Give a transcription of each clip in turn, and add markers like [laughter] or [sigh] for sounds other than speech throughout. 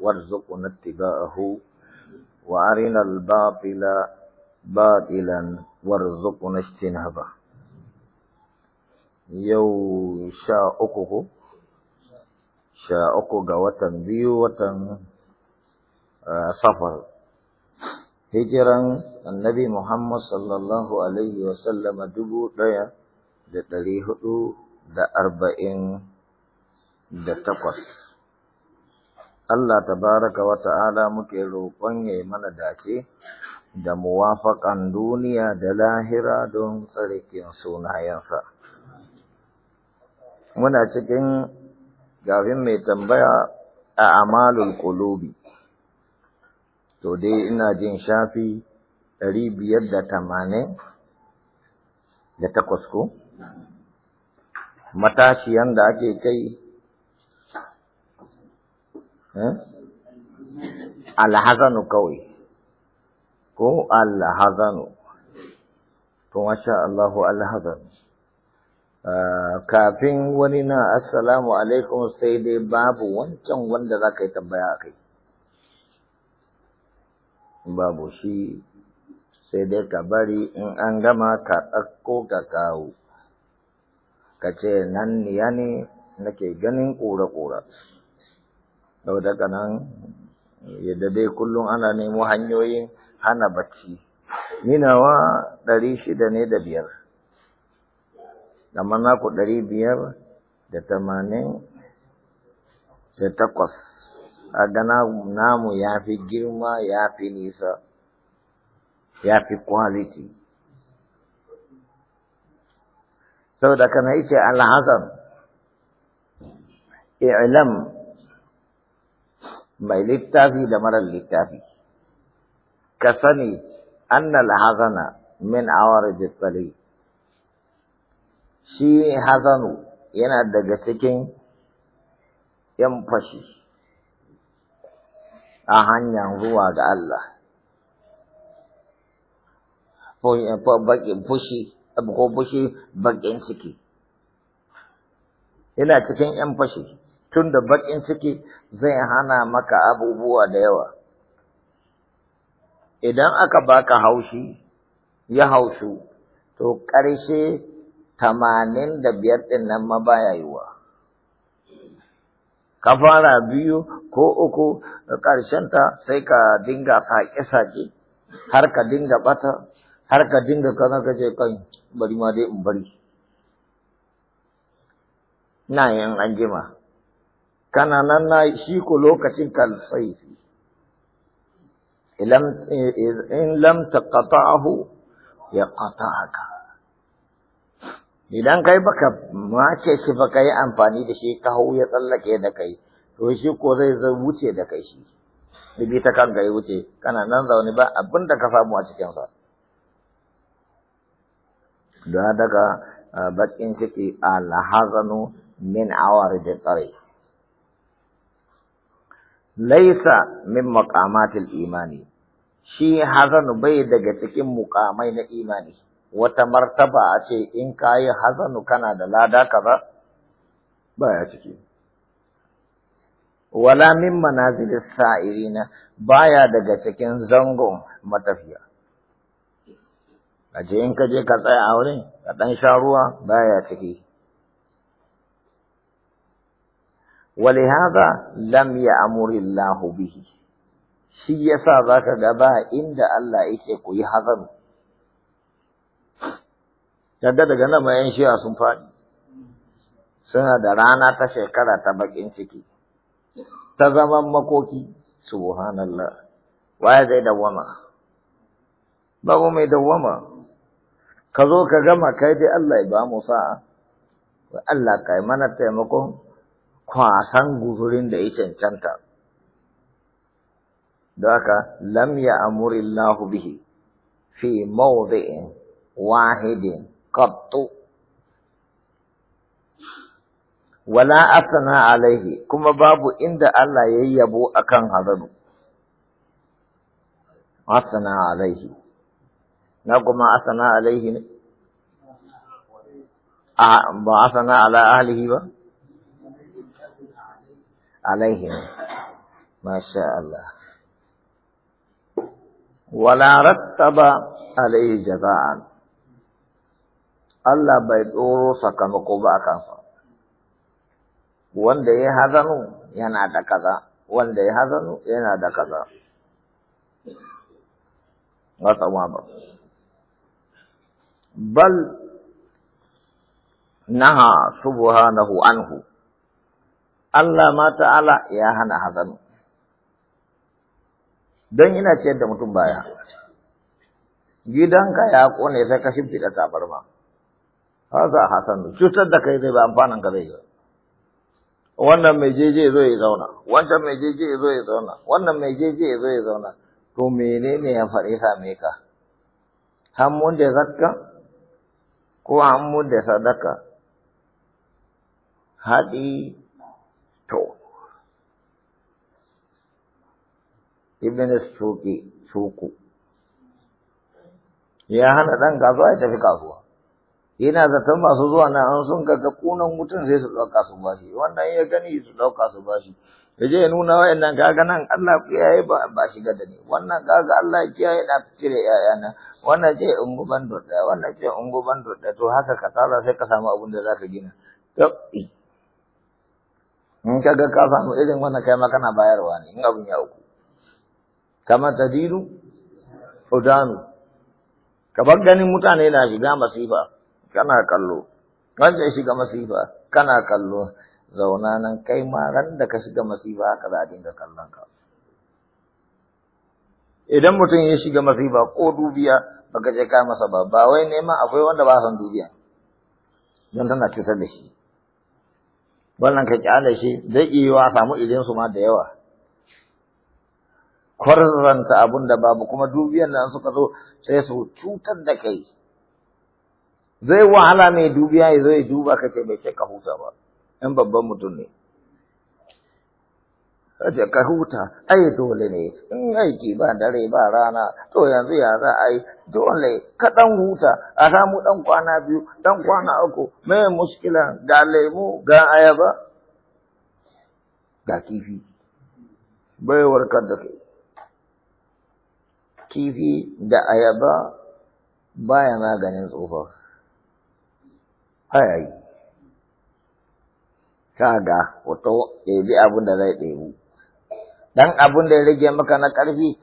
وارزقنا اتباعه وأرنا الباطل باطلا وارزقنا اجتنابه yau sha uku ko? Sha uku ga watan biyu watan safar. Hijiran annabi Muhammad sallallahu Alaihi dubu ɗaya da ɗari hudu da arba'in da takwas. Allah tabaraka wa ta'ala muke roƙon ya mana dace da muwafaƙan duniya da lahira don tsarkin sunayensa. Muna cikin gafin mai tambaya a amalul ƙulubi, to dai ina jin shafi ɗari biyar da tamanin da takwas ko? Matashiyan da ake kai Eh? alhazanu kawai ko alhazanu to masha Allahu alhazanu eh, kafin wani na assalamu alaikum sai dai babu wancan wanda za ka yi tambaya a kai babu shi sai dai ka bari in an gama ka ɗauko ka kawo ka ce nan ya ne nake ganin ƙura-ƙura Sau haka nan yadda dai kullum ana nemo hanyoyin hana bacci. Minawa ɗari shida ne da biyar, amma naku ɗari biyar da tamanin da takwas. A namu ya fi girma ya fi nisa, ya fi kwaliti. Sau da kana ice alhazan i'lam mai littafi da marar littafi ka sani annal hazana min awar tsali shi hazanu yana daga cikin ‘yan fashi a hanyar zuwa ga Allah ko fushi baƙin ciki yana cikin ‘yan fashi tun da baƙin ciki zai hana maka abubuwa da yawa. Idan aka baka haushi, ya haushu, to ƙarshe tamanin da biyar ɗin nan ma baya yiwa. Ka fara biyu ko uku da ta sai ka dinga saƙe-saƙe, har ka dinga ɓata, har ka dinga kana kace kan bari ma dai in bari. Ina yin anjima. kana nan na shi ko lokacin kalsaifi in lam taqata'ahu ya qata'aka idan kai baka mace shi baka yi amfani da shi ka hau ya tsallake da kai to shi ko zai zai wuce da kai shi bibi ta kanka ya wuce kana nan zaune ba abinda ka samu a cikinsa da daga bakin ciki lahazanu min awari da tsare laisa min maqamatil imani shi hazan bai daga cikin mukamai na imani wata martaba a ce in kayi hazanu kana da lada kaza baya ciki wala min manazilis sa'irina baya daga cikin zango matafiya Kaje in ka je ka tsaya a wurin ka dan sha ruwa baya ciki ولهذا لم يأمر الله به shi yasa za ga ba inda Allah yake ku yi hazaru yadda daga nan mayan shiya sun faɗi suna da rana ta shekara ta bakin ciki ta zaman makoki subhanallah waye zai dawwama babu mai dawwama ka zo ka gama kai dai Allah ya ba mu sa'a Allah kai mana taimako kwasan guzurin da ya cancanta da haka lam ya amurillahu bihi fi mawdi'in wahidin qattu wala asana alaihi kuma babu inda Allah ya yabo akan hazabu asana alaihi na kuma asana alaihi ne a ba asana ala ahlihi ba alaihim masha Allah wala rattaba alaihi jaza'an Allah bai tsoro sakamako ba akan sa wanda ya hazanu yana da kaza wanda ya hazanu yana da kaza wata ba bal naha subhanahu anhu Allah ma ta'ala ya hana hazanu don ina ciyar da mutum baya gidanka ya kone sai ka da tabar ma, haza hasanu cutar da kai zai ba amfanin ka zai yi wannan mai jeje zo ya zauna wancan mai jeje zo ya zauna wannan mai jeje zo ya zauna to menene ya faɗi same ka hammun da zakka ko hammun da sadaka haɗi to ibn suki suku ya hana dan kasuwa ya tafi kasuwa yana zaton masu zuwa na an sun ga kunan mutum sai su dauka su bashi wannan ya gani su dauka su bashi ya je ya nuna wayannan kaga nan Allah ku yayi ba ba shiga da ni wannan kaga Allah ya kiyaye na cire yayana wannan ce ungu bando da wannan ce ungu bando da to haka ka tsara sai ka samu abin da zaka gina tabbi in ka ga ka samu irin wannan kai ma kana bayarwa ne in abin ya uku kama tadiru udanu bar ganin mutane na shiga masifa kana kallo wanda ya shiga masifa kana kallo zauna nan kai ma ran da ka shiga masifa ka za a dinga kallon ka idan mutum ya shiga masifa ko dubiya baka je ka masa ba ba wai neman akwai wanda ba san dubiya don tana cutar da shi wannan ka kyale shi zai iya yiwa samu idan su ma da yawa kwarzanta abun da babu kuma dubiyan nan suka zo sai su cutar da kai zai wahala mai dubiya ya zo ya duba ka ce bai kai ka huta ba in babban mutum ne ka huta ayi dole ne in aiki ba dare ba rana to yanzu ya za a dole ka dan huta a samu dan kwana biyu dan kwana uku mai muskila ga lemu ga ayaba ga kifi bai warkar kifi da ayaba baya maganin tsufa hayayi kaga wato ɗebi abin da zai ɗebu dan abun da ya rage maka na ƙarfi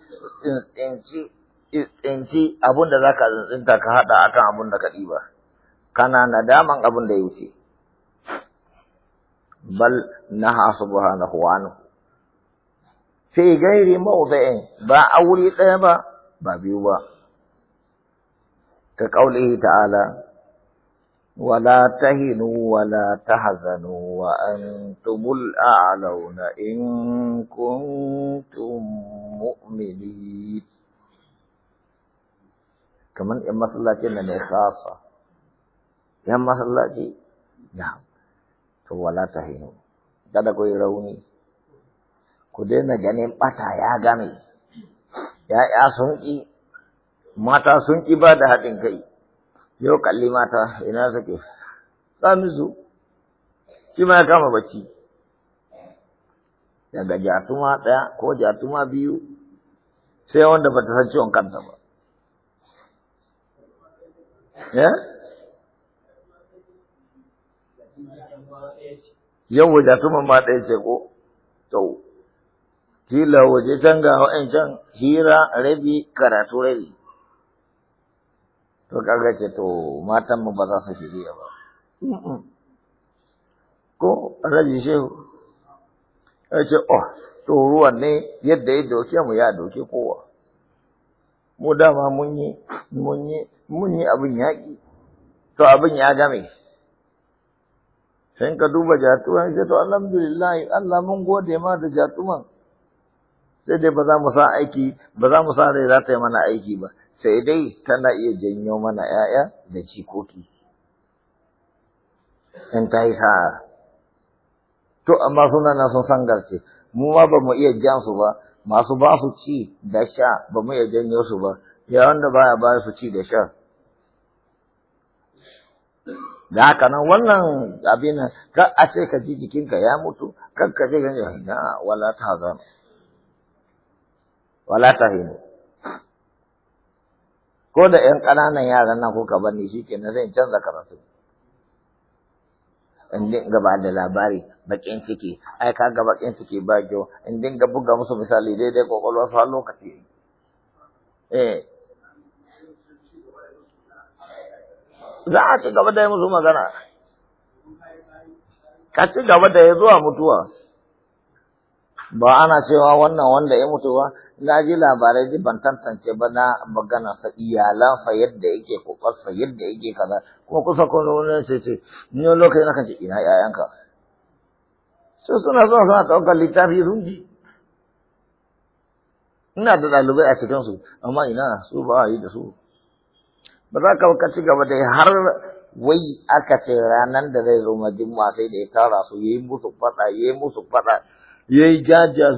tsinci abun da zaka tsintsinta ka haɗa akan abun da ka ɗiba kana nadaman abun da ya wuce bal na subhanahu na huwanu fi gairi mawdi'in ba aure ɗaya ba ba biyu ba ka qaulihi ta'ala ولا تهنوا ولا تحزنوا وأنتم الأعلون إن كنتم مؤمنين كمان يا مسلاتي من خاصة يا مسلاتي نعم to wala tahinu kada ku yi rauni ku daina ganin bata ya game ya'ya sun ki mata sun ki ba da haɗin kai yau kalli mata ina suke samisu shi ma ya kama bacci daga jatuma ɗaya ko jatuma biyu sai wanda ba ta san ciwon kanta ba yau jatuman ma ɗaya ce ko to kila waje can ga can? hira rabi karatu rabi to kaga ce to matan mu ba za su shirya ba ko alhaji shehu ya ce oh to ruwan ne yadda ya doke mu ya doke kowa mu dama mun yi mun yi mun yi abin yaƙi to abin ya game sai ka duba jatuwan sai to alhamdulillah Allah mun gode ma da jatuman sai dai ba za mu sa aiki ba za mu sa rai za ta yi mana aiki ba sai dai tana iya janyo mana ‘ya'ya da jikoki in ta yi sa'a. To, amma suna na sun sangarce, mu ma ba mu iya jan su ba, masu ba su ci da sha ba mu iya janyo su ba, ya wanda baya ba su ci da sha. Da haka nan wannan abin ka a ce ka ji jikinka ya mutu, kan ka ce ka ah, wala ta zama, wala ta hinu. ko da ƴan ƙananan yaran nan kuka bani shi ke zai canza karatu in dinga ba da labari baƙin ciki ai ka ga baƙin ciki ba kyau in dinga buga musu misali daidai ƙwaƙwalwa har lokaci eh za a ci gaba da yi musu magana ka ci gaba da ya zuwa mutuwa ba ana cewa wannan wanda ya mutu ba na ji labarai ji ban tantance ba na magana sa iyalan fa yadda yake ko sa yadda yake kaza kuma kusa ko wani sai ce ni wani lokaci na kace ina yayanka su suna zuwa suna ɗaukar littafi rungi ina da ɗalibai a cikin su amma ina su ba a yi da su ba za ka ka ci gaba da har wai aka ce ranar da zai zo majimma sai da ya tara su yi musu faɗa yi musu faɗa yayi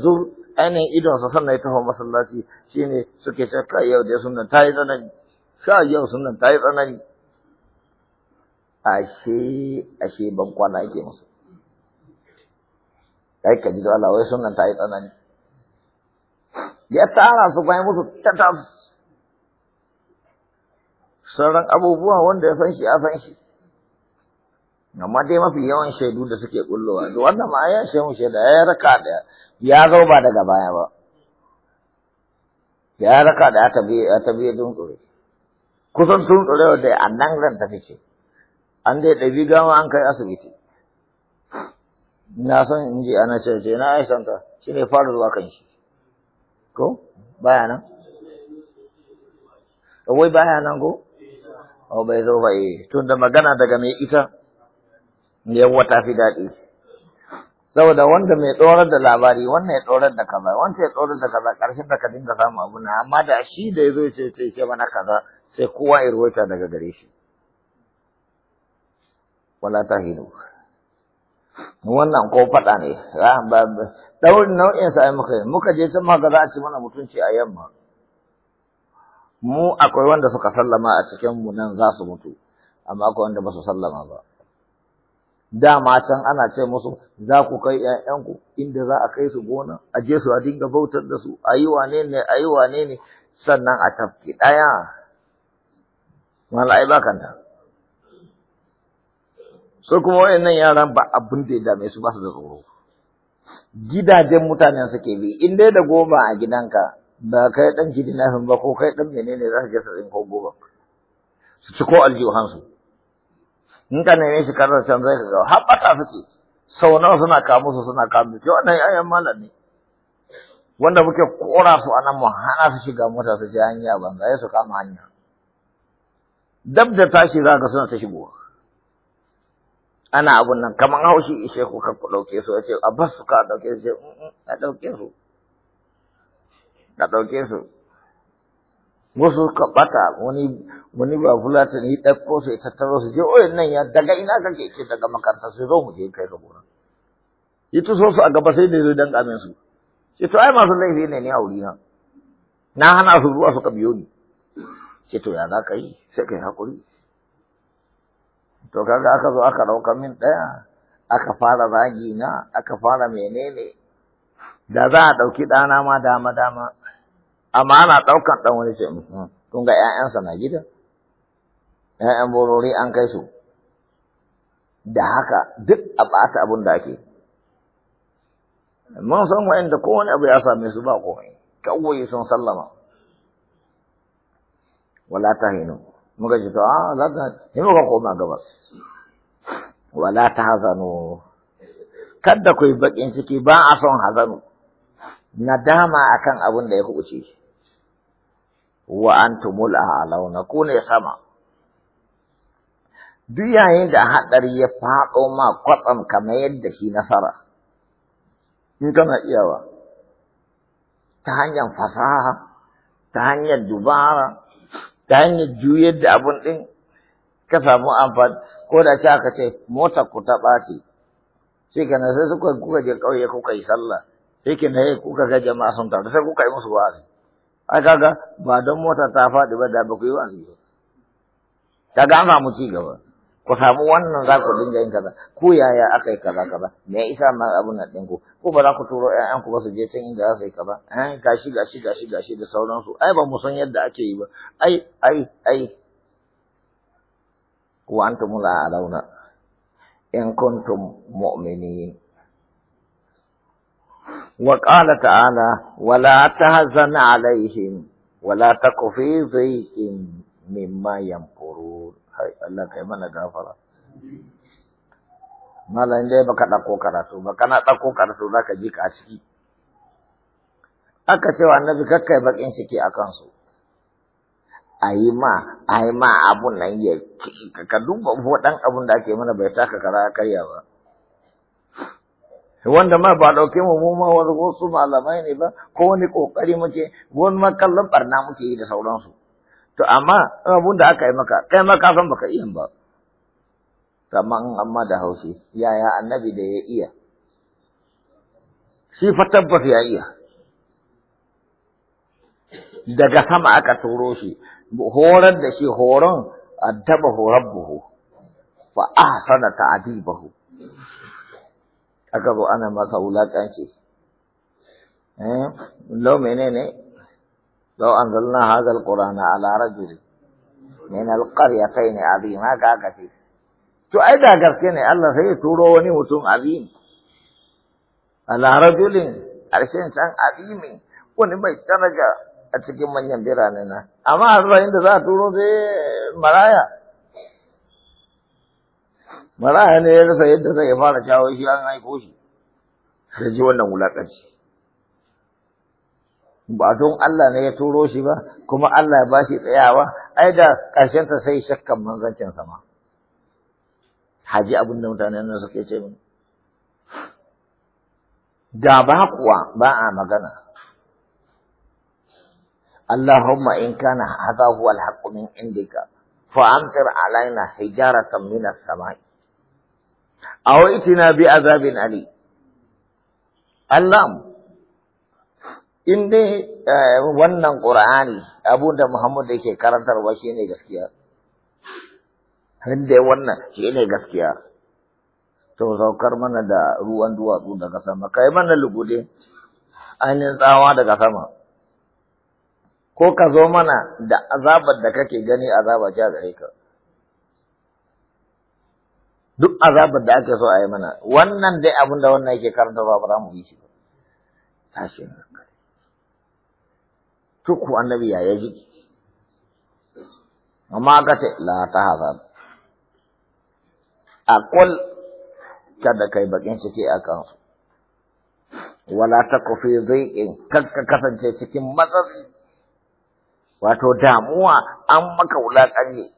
zur ainihin idon sa sannan ya taho masallaci shine suke ce kai yau dai sunan tayi tsanani sha yau sunan tayi tsanani ashe ashe ban kwana yake musu kai ka ji da Allah wai sunan tayi tsanani ya tara su bayan musu tatas sauran abubuwa wanda ya san shi ya san shi amma dai mafi yawan shaidu da suke kullowa da wannan ma ya shehu shaida ya raka da ya zo ba daga baya ba ya raka da aka bi aka bi dun kusan tun tsore da annan ran ta fice an dai dabi gama an kai asibiti na san in ji ana ce ce na aisan ta shine fara zuwa kan shi ko baya nan wai baya nan ko o oh, bai zo ba eh tunda magana daga mai ita yawwa ta fi daɗi saboda wanda mai tsorar da labari wannan ya tsorar da kaza wanda ya tsorar da kaza ƙarshen da ka dinga samu abu na amma da shi da ya zo ce ce ce mana kaza sai kowa ya ruwaita daga gare shi wala ta tahinu wannan ko faɗa ne ɗaurin nau'in sa'ai muka yi muka je can ma za a ci mana mutunci a yamma mu akwai wanda suka sallama a cikin mu nan za su mutu amma akwai wanda ba su sallama ba Da matan ana ce musu za ku kai ƴaƴanku inda za a kai su gona a je su a dinga bautar da su a yi wane ne a yi wane ne sannan a tafki ɗaya mala'ai ba kanta su kuma wayannan yaran ba abin da ya dame su ba su da tsoro gidajen mutanen suke bi in dai da goma a gidanka ba kai dan na ba ko kai dan menene za ka je su ko goma su ci ko aljihansu in ka neme shi karar can zai ka ga ta suke sau nawa suna kamu su suna kamu su wannan yayan malam ne wanda muke kora su anan mu hana su shiga mota su je hanya banza ya su kama hanya dab da tashi za ka suna ta shigowa ana abun nan kamar haushi ishe ko ka ku ɗauke su a ce a basu ka ɗauke su a ɗauke su ka ɗauke su wasu ka bata wani wani ba fulata ne ɗauko sai ta taro su je oyin nan ya daga ina kake ce daga makaranta sai zo mu je kai ga gona yi so su a gaba sai da zo dan kamin su ce to ai masu laifi ne ne a wurina na hana su zuwa suka biyo ni ce to ya za yi sai kai hakuri. to kaga aka zo aka rauka min ɗaya aka fara zagi na aka fara menene da za a ɗauki dana ma dama dama amma ana ɗaukan ɗan wani ce tun hmm, ga ‘ya'yansa na gida ‘ya'yan borori an kai su da haka duk a ɓata abin da ake mun san da kowane abu ya same su ba komai kawai sun sallama wala Hainu muka ce to a za ka yi muka koma gabas wala ta hazanu kada ku yi bakin ciki ba a son hazanu nadama akan abin da ya kuɓuce shi wa antumul a'launa ku ne sama duk yayin da haɗari ya faɗo ma kwatsam kamar yadda shi nasara in kana iyawa ta hanyar fasaha ta hanyar dubara ta hanyar juyar da abun ɗin ka samu amfani ko da ce aka ce motar ku ta ɓaci sai kana sai suka kuka je ƙauye kuka yi sallah sai kina kuka ga jama'a sun taru sai kuka yi musu wa'azi ai kaga ba don mota ta faɗi ba da ba ku yi wa ba kaga an samu ci gaba ku samu wannan za ku dinga yin kaza Ku yaya aka yi kaza kaza me ya isa ma abun nan ku ko ba za ku turo ƴaƴan ku ba su je can inda za su yi kaza eh gashi gashi gashi gashi da sauransu ai ba mu san yadda ake yi ba ai ai ai wa antum alauna in kuntum mu'minin وقال تعالى ولا تهزن عليهم ولا تك في ضيق مما Allah الله كما نغفر mala in dai baka ɗauko karatu baka na ɗauko karatu za ka ji ka ciki aka ce wa annabi kakkai bakin ciki a kansu a yi ma ma abun nan yake. ka duba waɗan abun da ake mana bai taka kara karya ba wanda ma ba ɗauke mu mu ma wani wasu malamai ne ba ko wani ƙoƙari muke wani ma kallon ɓarna muke yi da sauransu to amma abun da aka yi maka kai ma ka san baka iya ba an amma da haushi yaya annabi da ya iya shi fa tabbas ya iya daga sama aka turo shi horar da shi horon addaba horabbuhu fa ahsana ta'dibahu aka zo ana masa wulaƙanci eh lau menene lau anzalna hadal qur'ana ala rajuli min alqaryatayn azim haka aka ce to ai da gaske ne Allah sai ya turo wani mutum A ala rajulin harshen can azimi wani mai daraja a cikin manyan birane na amma a inda za a turo sai maraya maraya ne ya rasa yadda zai fara kyawo shi an haifo shi sai ji wannan wulaƙanci ba don Allah ne ya turo shi ba kuma Allah ya bashi tsayawa ai da ƙarshen ta sai shakkan manzancin ma. haji abin da mutane nan suke ce min da ba kuwa ba a magana Allahumma in kana hadha huwa al-haqqu min indika fa amtir alaina hijaratan min samai أو ائتنا bi azabin ali in dai wannan ƙur'ani da Muhammad yake karantarwa shi ne gaskiya dai wannan shi ne gaskiya to saukar mana da ruwan duwatsu daga sama kai mana lugude ainihin tsawa daga sama ko ka zo mana da azabar da kake gani azaba ce a gare ka duk azabar da aka so a yi mana wannan dai abin da wannan yake karanta ba za mu bi shi ba tashin hankali tukku annabi ya yaji amma aka ce la ta hazar a kada kai bakin ciki a kansu wala ta kufi zaiƙin kanka kasance cikin matsatsi wato damuwa an maka wulaƙanci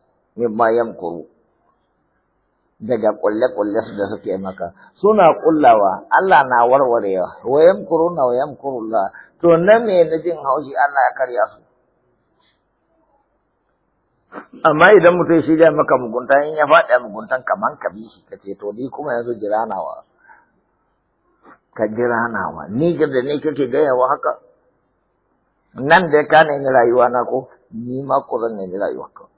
bayan yankuru daga ƙulle-ƙulle su da suke maka suna ƙullawa Allah na warwarewa wa yamkuruna wa yamkurullah to na me na jin haushi Allah ya karya su amma idan mutum shi da maka mugunta in ya faɗa muguntan kaman ka bi shi kace to ni kuma yanzu jiranawa ka jiranawa ni ga da ni kake gaya wa haka nan da ka ni rayuwa na ko ni ma ko zan ni rayuwa ka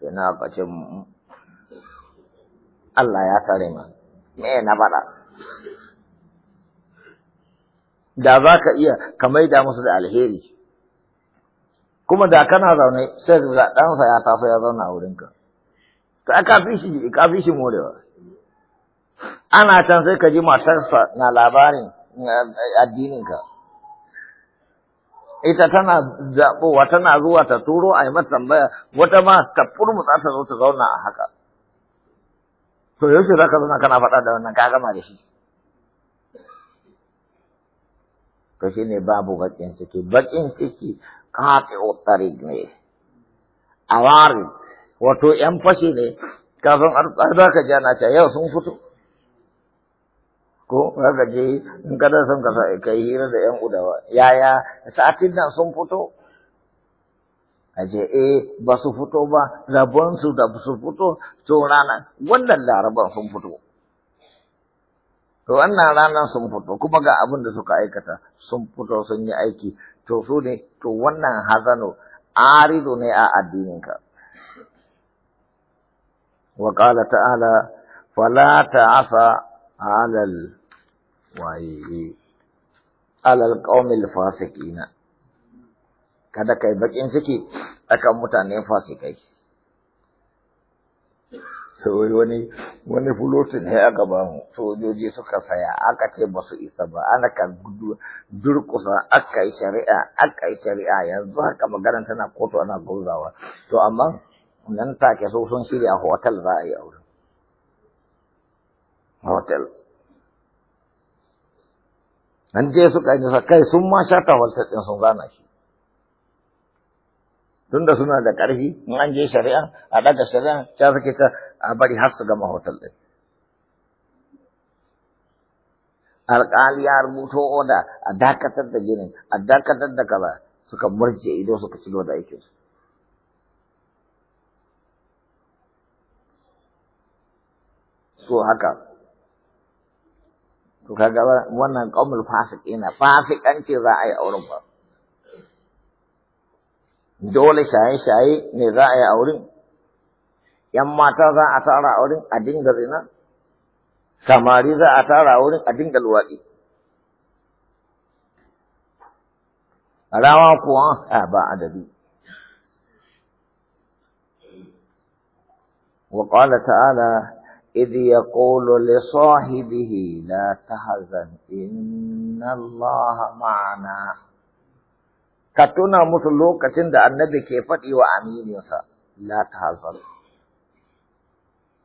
sai na kace Allah ya tsare ma me na faɗa da za ka iya ka maida musu da alheri kuma da kana zaune sai ga ɗansa ya tafi ya zauna a wurinka ka ka fi shi ka fi morewa ana can sai ka ji matarsa na labarin addininka ita tana zaɓowa tana zuwa ta turo a yi mata tambaya wata ma ta furmutsa ta zo ta zauna a haka to yaushe za ka zana kana faɗa da wannan ka gama da shi to shi ne babu baƙin ciki baƙin ciki kafe otarik ne a wari wato ‘yan fashe ne kafin arzar za ka jana ta yau sun fito ko za ka je in kada sun kasa kai hira da ‘yan udawa yaya satin nan sun fito a e ba su fito ba su da su fito to rana wannan laraban sun fito to wannan rana sun fito kuma ga abin da suka aikata sun fito sun yi aiki to su ne to wannan hazano arido ne a addininka wa qala ta'ala fala ta'asa 'alal waye 'alal qaumil fasiqina kada kai bakin ciki akan mutane fasikai sai wani wani fulotin ne aka ba mu sojoji suka saya aka ce ba su isa ba ana ka gudu durkusa aka yi shari'a aka yi shari'a yanzu haka magana tana kotu ana gauzawa to amma nan take so sun shirya hotel za a yi aure hotel an je suka yi kai sun ma shata hotel din sun gana shi tunda suna da ƙarfi in an je shari'a a daga shari'a ta suke ta a bari har su gama hotel ɗin alƙali ya rubuto oda a dakatar da ginin a dakatar da kaza suka murje ido suka ci da aikin su So haka to kaga wannan fasik ina fasikanci za a yi auren ba dole shaye-shaye ne za a yi a wurin, ‘yan mata za a tara a wurin a dinga zina, samari za a tara a wurin a dinga luwaɗi. Rawa kuwa a ba adadi. وقال تعالى إذ يقول لصاحبه لا تحزن إن الله معنا ka tuna musu lokacin da annabi ke faɗi wa aminiyarsa, la hazar,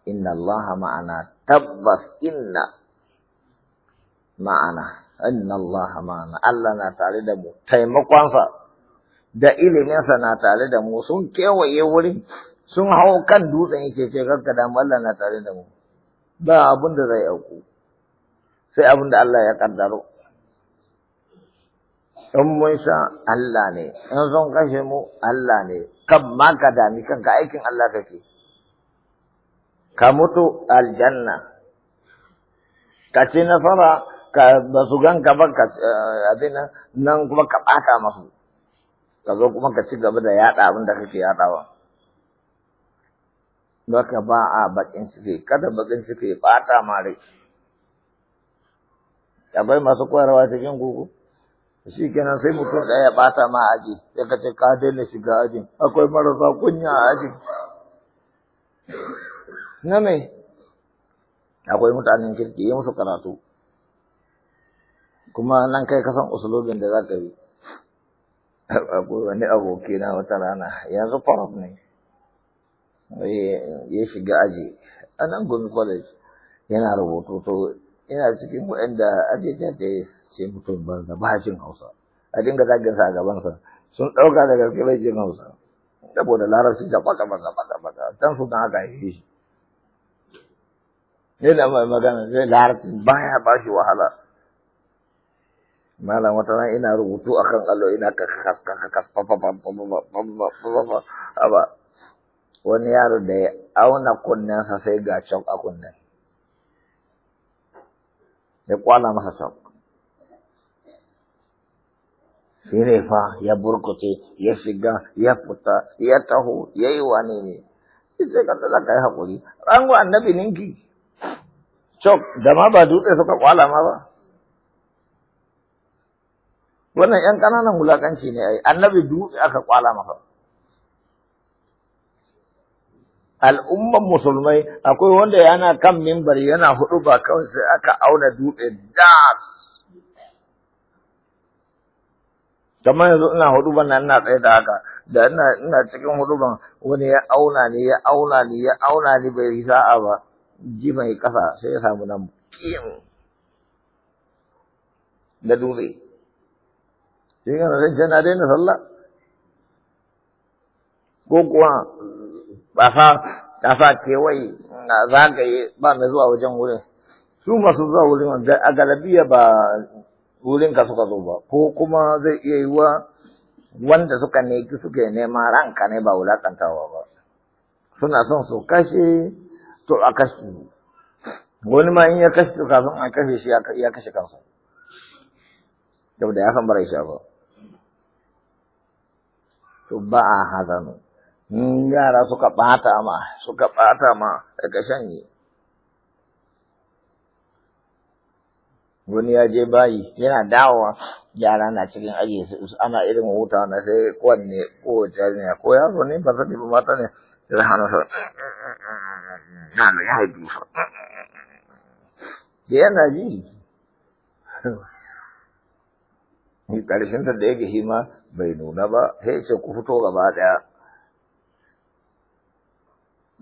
inna allaha ma'ana tabbas inna ma'ana inna allaha ma'ana Allah na tare da mu taimakonsa da iliminsa na tare da mu sun kewaye wurin sun hau kan dutsen yake ce kakka da Allah na tare da mu ba abin da zai auku sai abin da Allah ya ƙaddaro. in mun san Allah ne in sun kashe mu Allah ne kan ma ka dami kanka aikin Allah kake ka mutu aljanna ka ci nasara ka ba su ganka ba ka eh, abin nan kuma ka ɓata masu ka zo kuma ka ci gaba da yaɗa abin da kake yaɗawa ka ba a bakin ciki, kada bakin ciki bata mare rai. bai masu koyarwa cikin gugu? shi kenan sai mutum ɗaya ya ɓata ma aji sai ka ce ka daina shiga aji. akwai marasa kunya a aji. na me akwai mutanen kirki yi musu karatu kuma nan kai kasan usulobin da za ka yi akwai wani aboki na wata rana yanzu farof ne ya shiga aji a nan gomi college yana rubutu to ina cikin waɗanda aji jajaye sai mutum banza ba jin hausa a dinga zagin sa a sa sun ɗauka da gaske bai jin hausa saboda larabci da baka baka baka baka dan su dan aka haife shi da mai magana sai larabci baya ba shi wahala malam wata nan ina rubutu akan allo ina pa pa aba wani yaro da ya auna kunnen sa sai ga chok a kunnen ya kwana masa chok shi ne fa ya burkuce ya shiga ya fita ya taho ya yi wane ne shi sai ka za ka yi haƙuri rango annabi ninki cok da ma ba dutse suka kwala ma ba wannan ‘yan ƙananan wulaƙanci ne ai annabi dutse aka kwala masa al'umman musulmai akwai wanda yana kan mimbar yana hudu ba kawai sai aka auna dutse das kamar yanzu ina huduban nan ina tsaye da haka da ina ina cikin huduban wani ya auna ni ya auna ni ya auna ni bai yi sa'a ba ji mai kasa sai ya samu nan kim da dutse shi kana sai jana daina sallah ko kuwa ba sa ta sa kewaye na zagaye ba na zuwa wajen wurin su masu zuwa wurin a galabiya ba ka suka zo ba ko kuma zai iya yi wa wanda suka neki suke nema ranka ne ba wulakantawa ba suna son su kashe to a kashe wani ma in ya kashe to kafin a kashe shi ya kashe kansa da ya san bara sha ba to ba a hazanu in yara suka bata ma suka bata ma daga shanye wani ya je bayi yana dawowa yara na cikin aji ana irin huta na sai kowanne kowace yarinya ko yaro ne ba sani ba mata ne sai hannu sa na na mm, mm, mm, ya haifi fa da yana ji ni karshen ta da yake shi hima bai nuna ba sai ce ku fito gaba daya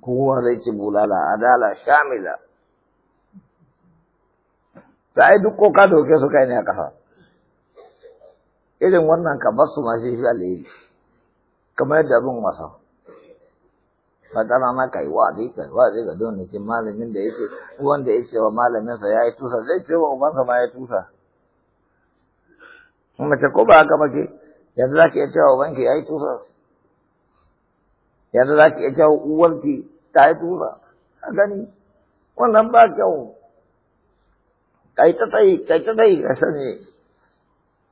kowa zai ci bulala adala shamila ta ai duk koka doke su kai ne a ƙasa irin wannan ka ba su masu shi alheri kamar yadda abin wasa fatara na kai wa zai kai wa zai ga don ce malamin da yake wanda yake wa malaminsa ya yi tusa zai ce wa ubansa ma ya tusa mace ko ba haka ke yanzu za ki iya cewa ubanki ya yi tusa yanzu za ki iya cewa uwarki ta yi tusa a gani wannan ba kyau kai ta tsayi kai ta tsayi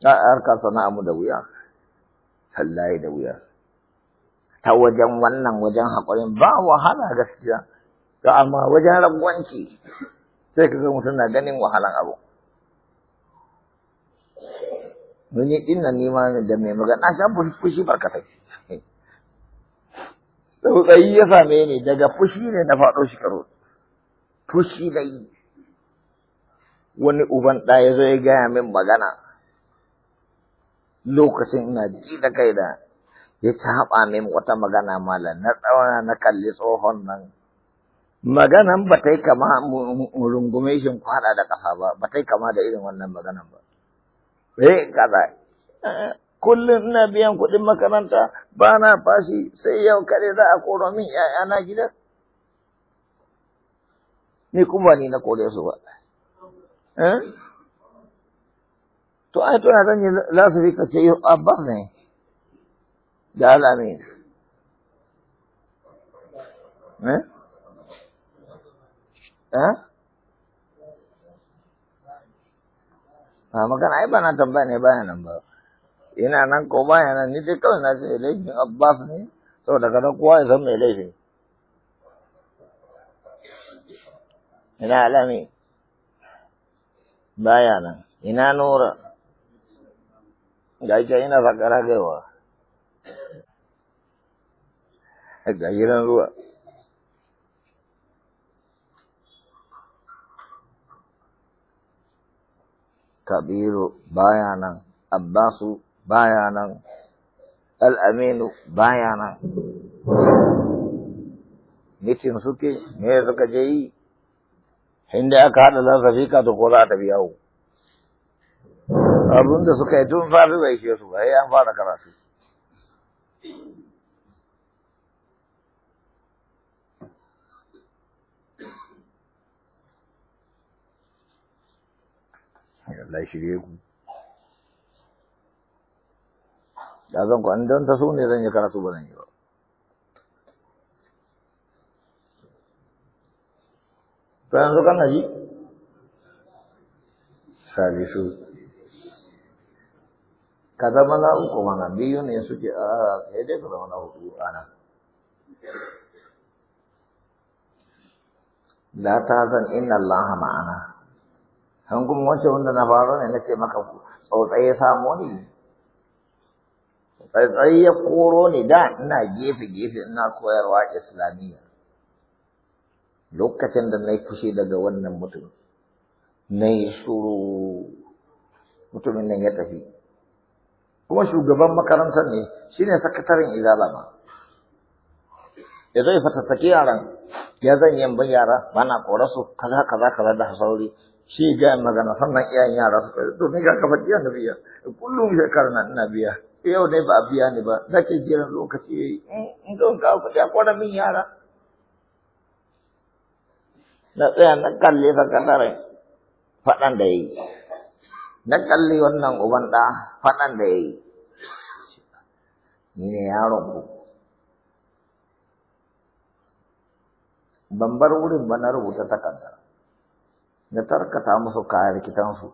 ka sani mu da wuya sallaye da wuya ta wajen wannan wajen hakurin ba wahala gaskiya ga amma wajen rabuwanci sai ka ga mutum na ganin wahalan abu mun yi dinnan nima da mai magana sha fushi barkatai tsautsayi ya same ni daga fushi ne na faɗo shi karo fushi da yi wani uban ɗa ya zo ya gaya min magana lokacin ina ji da kai da ya haɓa min wata magana malam na tsawon na kalli tsohon nan maganan ba ta yi kama rungume shi kwada da ƙasa ba ba ta yi kama da irin wannan maganan ba eh kaza kullum ina biyan kuɗin makaranta ba na fashi sai yau kare za a koro min ‘ya'yana gida? Ni kuma ni na kore su ba. तो आयतुल आजम ये लफ्ज भी कच्चे आप बख दें जाल अमीन maka naik mana tempat ni bahan nambah. Ini anak koba yang ni tu nasi elek abbas ni. So dah kena kuat sama elek ni. Ini alami. baya nan ina nura ga ita ina fakara gaiwa ga gidan ruwa kabiru baya nan abbasu baya nan al'aminu baya nan mitin suke me suka je yi inda aka haɗa lazafi ka to ko za a tafi yawo abin da suka yi tun safi bai ishe su ba an fara karatu Allah shirye ku da zan ku an don ta so ne zan yi karatu ba zan yi ba to yanzu kana ji salisu ka zama na uku mana biyu ne suke Ah, kai dai ka zama na hudu ana la ta zan inna allaha ma'ana han kuma wancan wanda na faro ne nace maka tsautsaye samo ne tsaye ya koro ni da ina gefe gefe ina koyarwa islamiyya lokacin da na yi fushi daga wannan mutum na yi shuru mutumin nan ya tafi kuma shugaban makarantar ne shine sakataren izala ma ya zai fatattaki yaran ya zan yin ban yara na kora su kaza kaza kaza da sauri shi ga magana sannan iyayen yara su kai domin ga kafa biya na biya kullum na ina biya yau ne ba a biya ne ba nake jiran lokaci yi in zo ka kuɗi a kora min yara na tsaya na kalli fa kasarin faɗan da ya yi na kalli wannan uban ɗa faɗan da ya yi ni ne yaronku. ku ban bar wurin ba na rubuta takarda na tarkata musu kayan kitansu,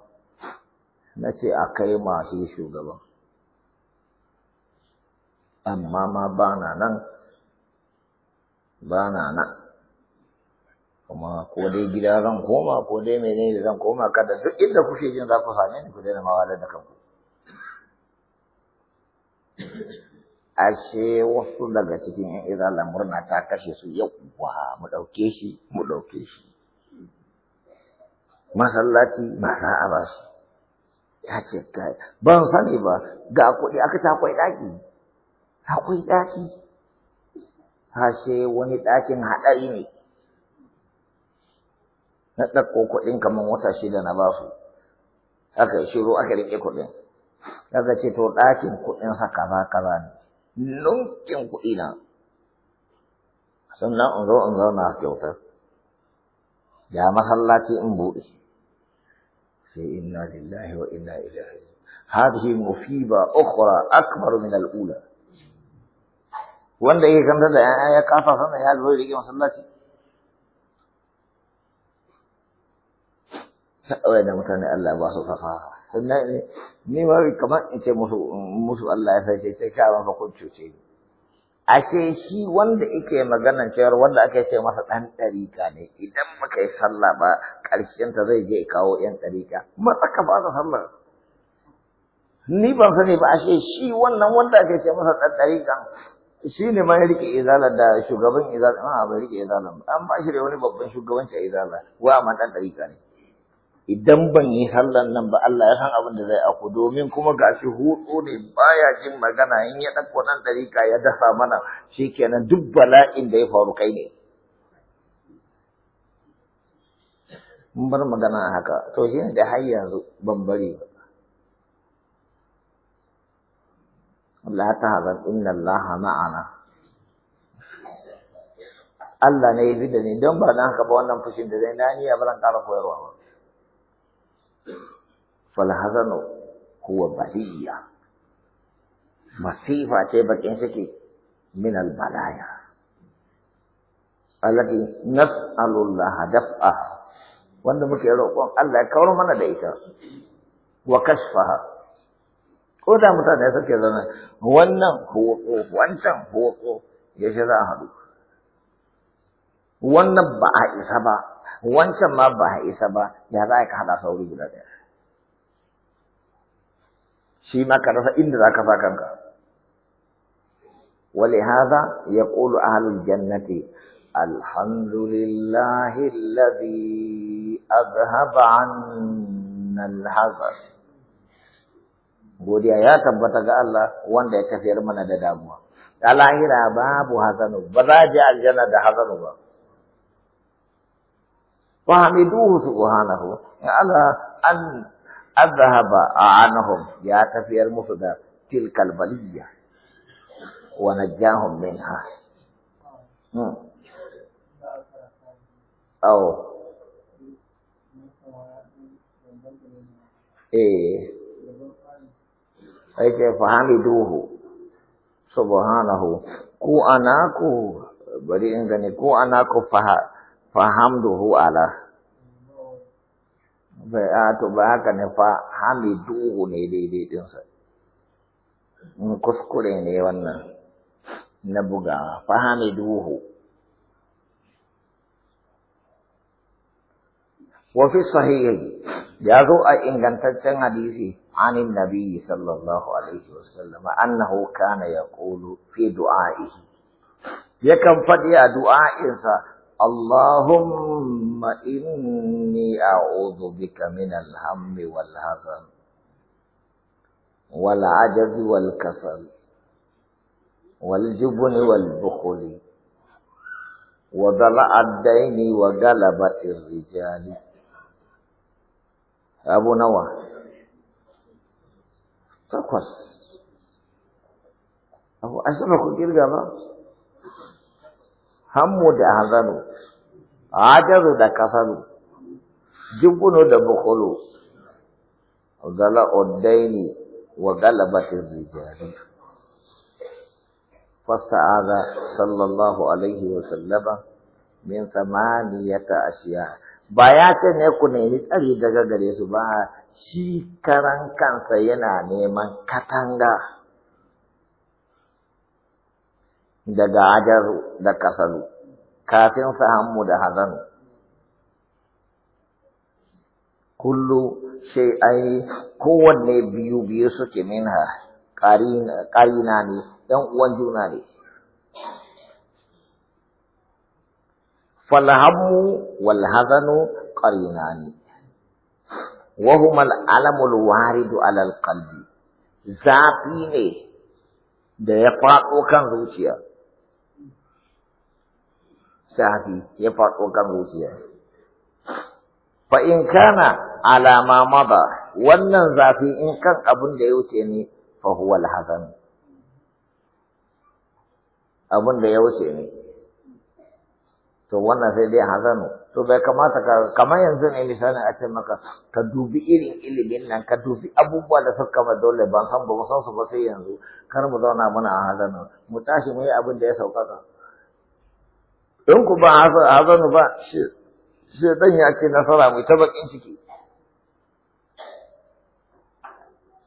na ce a kai masu shugaban amma ma ba na nan ba na nan kuma ko dai gida zan koma ko dai menene zan koma kada duk inda kuke jin za ku same ni ku daina mawalar da kanku ashe wasu daga cikin yan izala murna ta kashe su yau wa mu dauke shi mu dauke shi masallaci ba za a ba shi ya ce kai ban sani ba ga kuɗi aka ta akwai ɗaki akwai ɗaki ashe wani ɗakin haɗari ne na ɗauko kuɗin kamar wata shida na ba su aka yi shiru aka riƙe kuɗin daga ce to ɗakin kuɗin sa kaza kaza ne nunkin kuɗi na sannan in zo in zauna kyautar ya masallaci in buɗe sai inna lillahi wa inna ilaihi hadhihi musiba ukhra akbar min al-ula wanda yake kanta da ya kafa sannan ya zo riƙe masallaci kawai da mutane Allah ba su fasaha sannan ni ma kamar in ce musu musu Allah ya sake ce ka ba ku cuce ni ashe shi wanda yake magana cewar wanda aka ce masa dan ɗarika ne idan muka yi sallah ba ƙarshen ta zai je kawo yan ma matsaka ba za sallah ni ban sani ba ashe shi wannan wanda aka ce masa dan ɗarika shi ne ma ya rike izala da shugaban izala a ah, bai rike izala an ba shi da wani babban shugabanci a izala wa ma dan ɗarika ne idan ban yi sallan nan ba Allah ya san abin da zai aku domin kuma gashi hudu ne baya jin magana in ya ɗauko nan ɗarika ya dasa mana shikenan duk bala'in da ya faru kai ne mun bar magana haka to shi da har yanzu ban bari ba ta tahzan inna Allah ma'ana Allah ne ya fi da ni don ba na haka ba wannan fushin da zai na niyya ba zan ƙara koyarwa ba falhazanu huwa baliya masifa ce bakin ciki min albalaya allati nas'alu Allah wanda muke roƙon Allah ya kawar mana da ita wa kashfaha ko da mutane suke zama wannan huwa wancan huwa ya shi a hadu. wannan ba a isa ba wancan ma ba a isa ba ya za ka haɗa sauri guda ɗaya shi ma ka rasa inda za ka sa kanka ولهذا يقول أهل الجنة الحمد لله الذي أذهب عنا الحزن godiya ya tabbata ga Allah wanda ya tafiyar mana da damuwa ta lahira babu hazanu ba za a je aljanna da hazanu ba فحمدوه سبحانه على أن أذهب عنهم يا تفير مصدر تلك البلية ونجاهم منها أو إيه أي فحمدوه سبحانه كو أناكو bari in كو أناكو ana fahamduhu ala bai a to ba haka ne fa hamiduhu ne daidai ɗinsa, in kuskure ne wannan na bugawa fahamiduhu wafi sahihi ya zo a ingantaccen hadisi عن النبي صلى الله عليه وسلم أنه كان يقول في دعائه يكن فدي دعائه اللهم إني أعوذ بك من الهم والهزم والعجز والكسل والجبن والبخل وضلع الدين وغلبة الرجال أبو نوى تقص أبو أشرف كيرجا هم ده أحزانه Ajaru da kasaru jibbuno da bukulu zala uddaini wa galabati rijali wa صلى min عليه وسلم من Ba ya ce ne ku nemi tsari daga gare su ba shi karan kansa yana neman katanga daga ajaru da kasalu kafin sahammu da hazanu kullu shai ai kowanne biyu biyu suke minha ƙarina ne ɗan uwan juna ne falhammu wal hazanu ƙarina ne وهما الألم الوارد zafi ne da ya faɗo kan zuciya shafi ya faɗo kan zuciya fa in kana alama mada wannan zafi in kan abin da ya wuce ne fa huwa alhazan abin da ya wuce ne to wannan sai dai hazanu to bai kamata ka kamar yanzu ne misali a ce maka ka dubi irin ilimin nan ka dubi abubuwa da suka ma dole ban san ba san su ba sai yanzu kar mu zauna muna hazanu mu tashi mu yi abin da ya ka. don ku ba hazanu ba shi dan ya ce nasara mu ta bakin ciki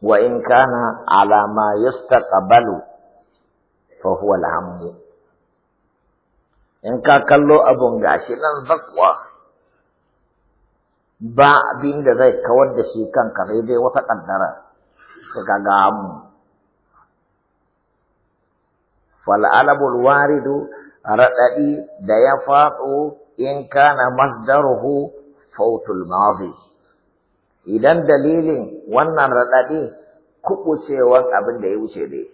wa in kana ala ma yastaqbalu fa huwa al in ka kallo abun gashi nan zakwa ba abin da zai kawar da shi kanka sai dai wata kaddara ka ga mu fal alabul waridu raɗaɗi da ya faɗo in kana masdaruhu fautul mazi idan dalilin wannan raɗaɗi kuɓucewar abin da ya wuce dai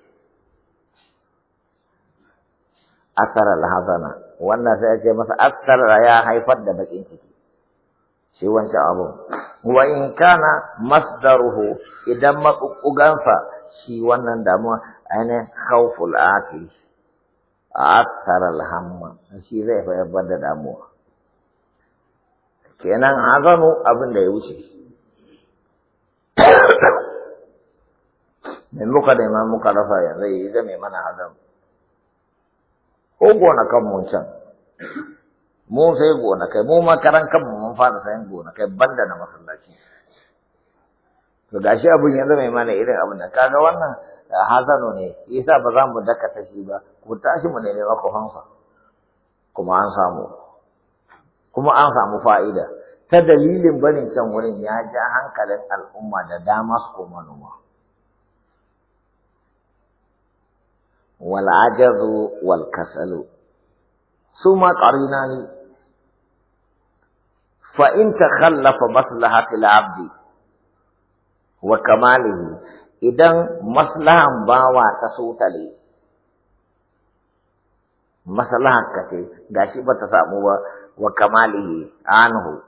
asar alhazana wannan sai ce masa asar ya haifar da bakin ciki shi wancan abu wa in kana masdaruhu idan maɓuɓɓugansa shi wannan damuwa ainihin khawful aqil asara alhamma shi zai haifar da damuwa kenan azamu abin da ya wuce [coughs] mai muka da ma muka rafa yanzu ya zame mana azam ko gonakan mun can mu sai gonakai mu makaran kanmu mun fara sayan gonakai banda na masallaci to gashi abin yanzu mai mana irin abin da kaga wannan hazano ne yasa ba za mu dakata shi ba ku tashi mu nemi maka hansa kuma an samu kuma an samu fa'ida ta dalilin barin can wurin ya ja hankalin al'umma da dama su koma noma wal ajazu kasalu su ma ƙarina ne fa in takhallafa maslahatil abdi wa kamalihi idan maslahan bawa ta sutale maslahan ka ce ga shi ba ta samu ba wa kamalihi anhu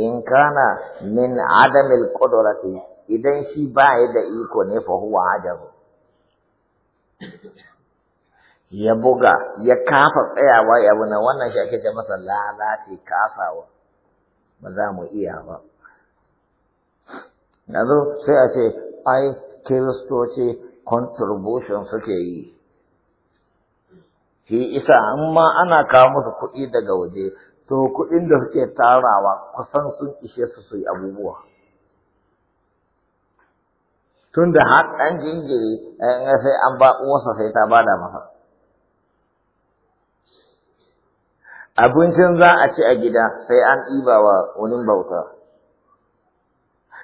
in kana min adamil qudrati idan shi ba ya da iko ne fa huwa ajabu ya buga ya kafa tsayawa ya wuna wannan shi ake ce masa lalace kafawa ba za mu iya ba yanzu sai a ce ai kiristoci contribution suke yi shi isa amma ana kawo musu kuɗi daga waje to kuɗin da suke tarawa kusan sun ishe su su yi abubuwa tun da har ɗan jinjiri sai an ba uwarsa sai ta bada masa abincin za a ci a gida sai an ɗiba wa wani bauta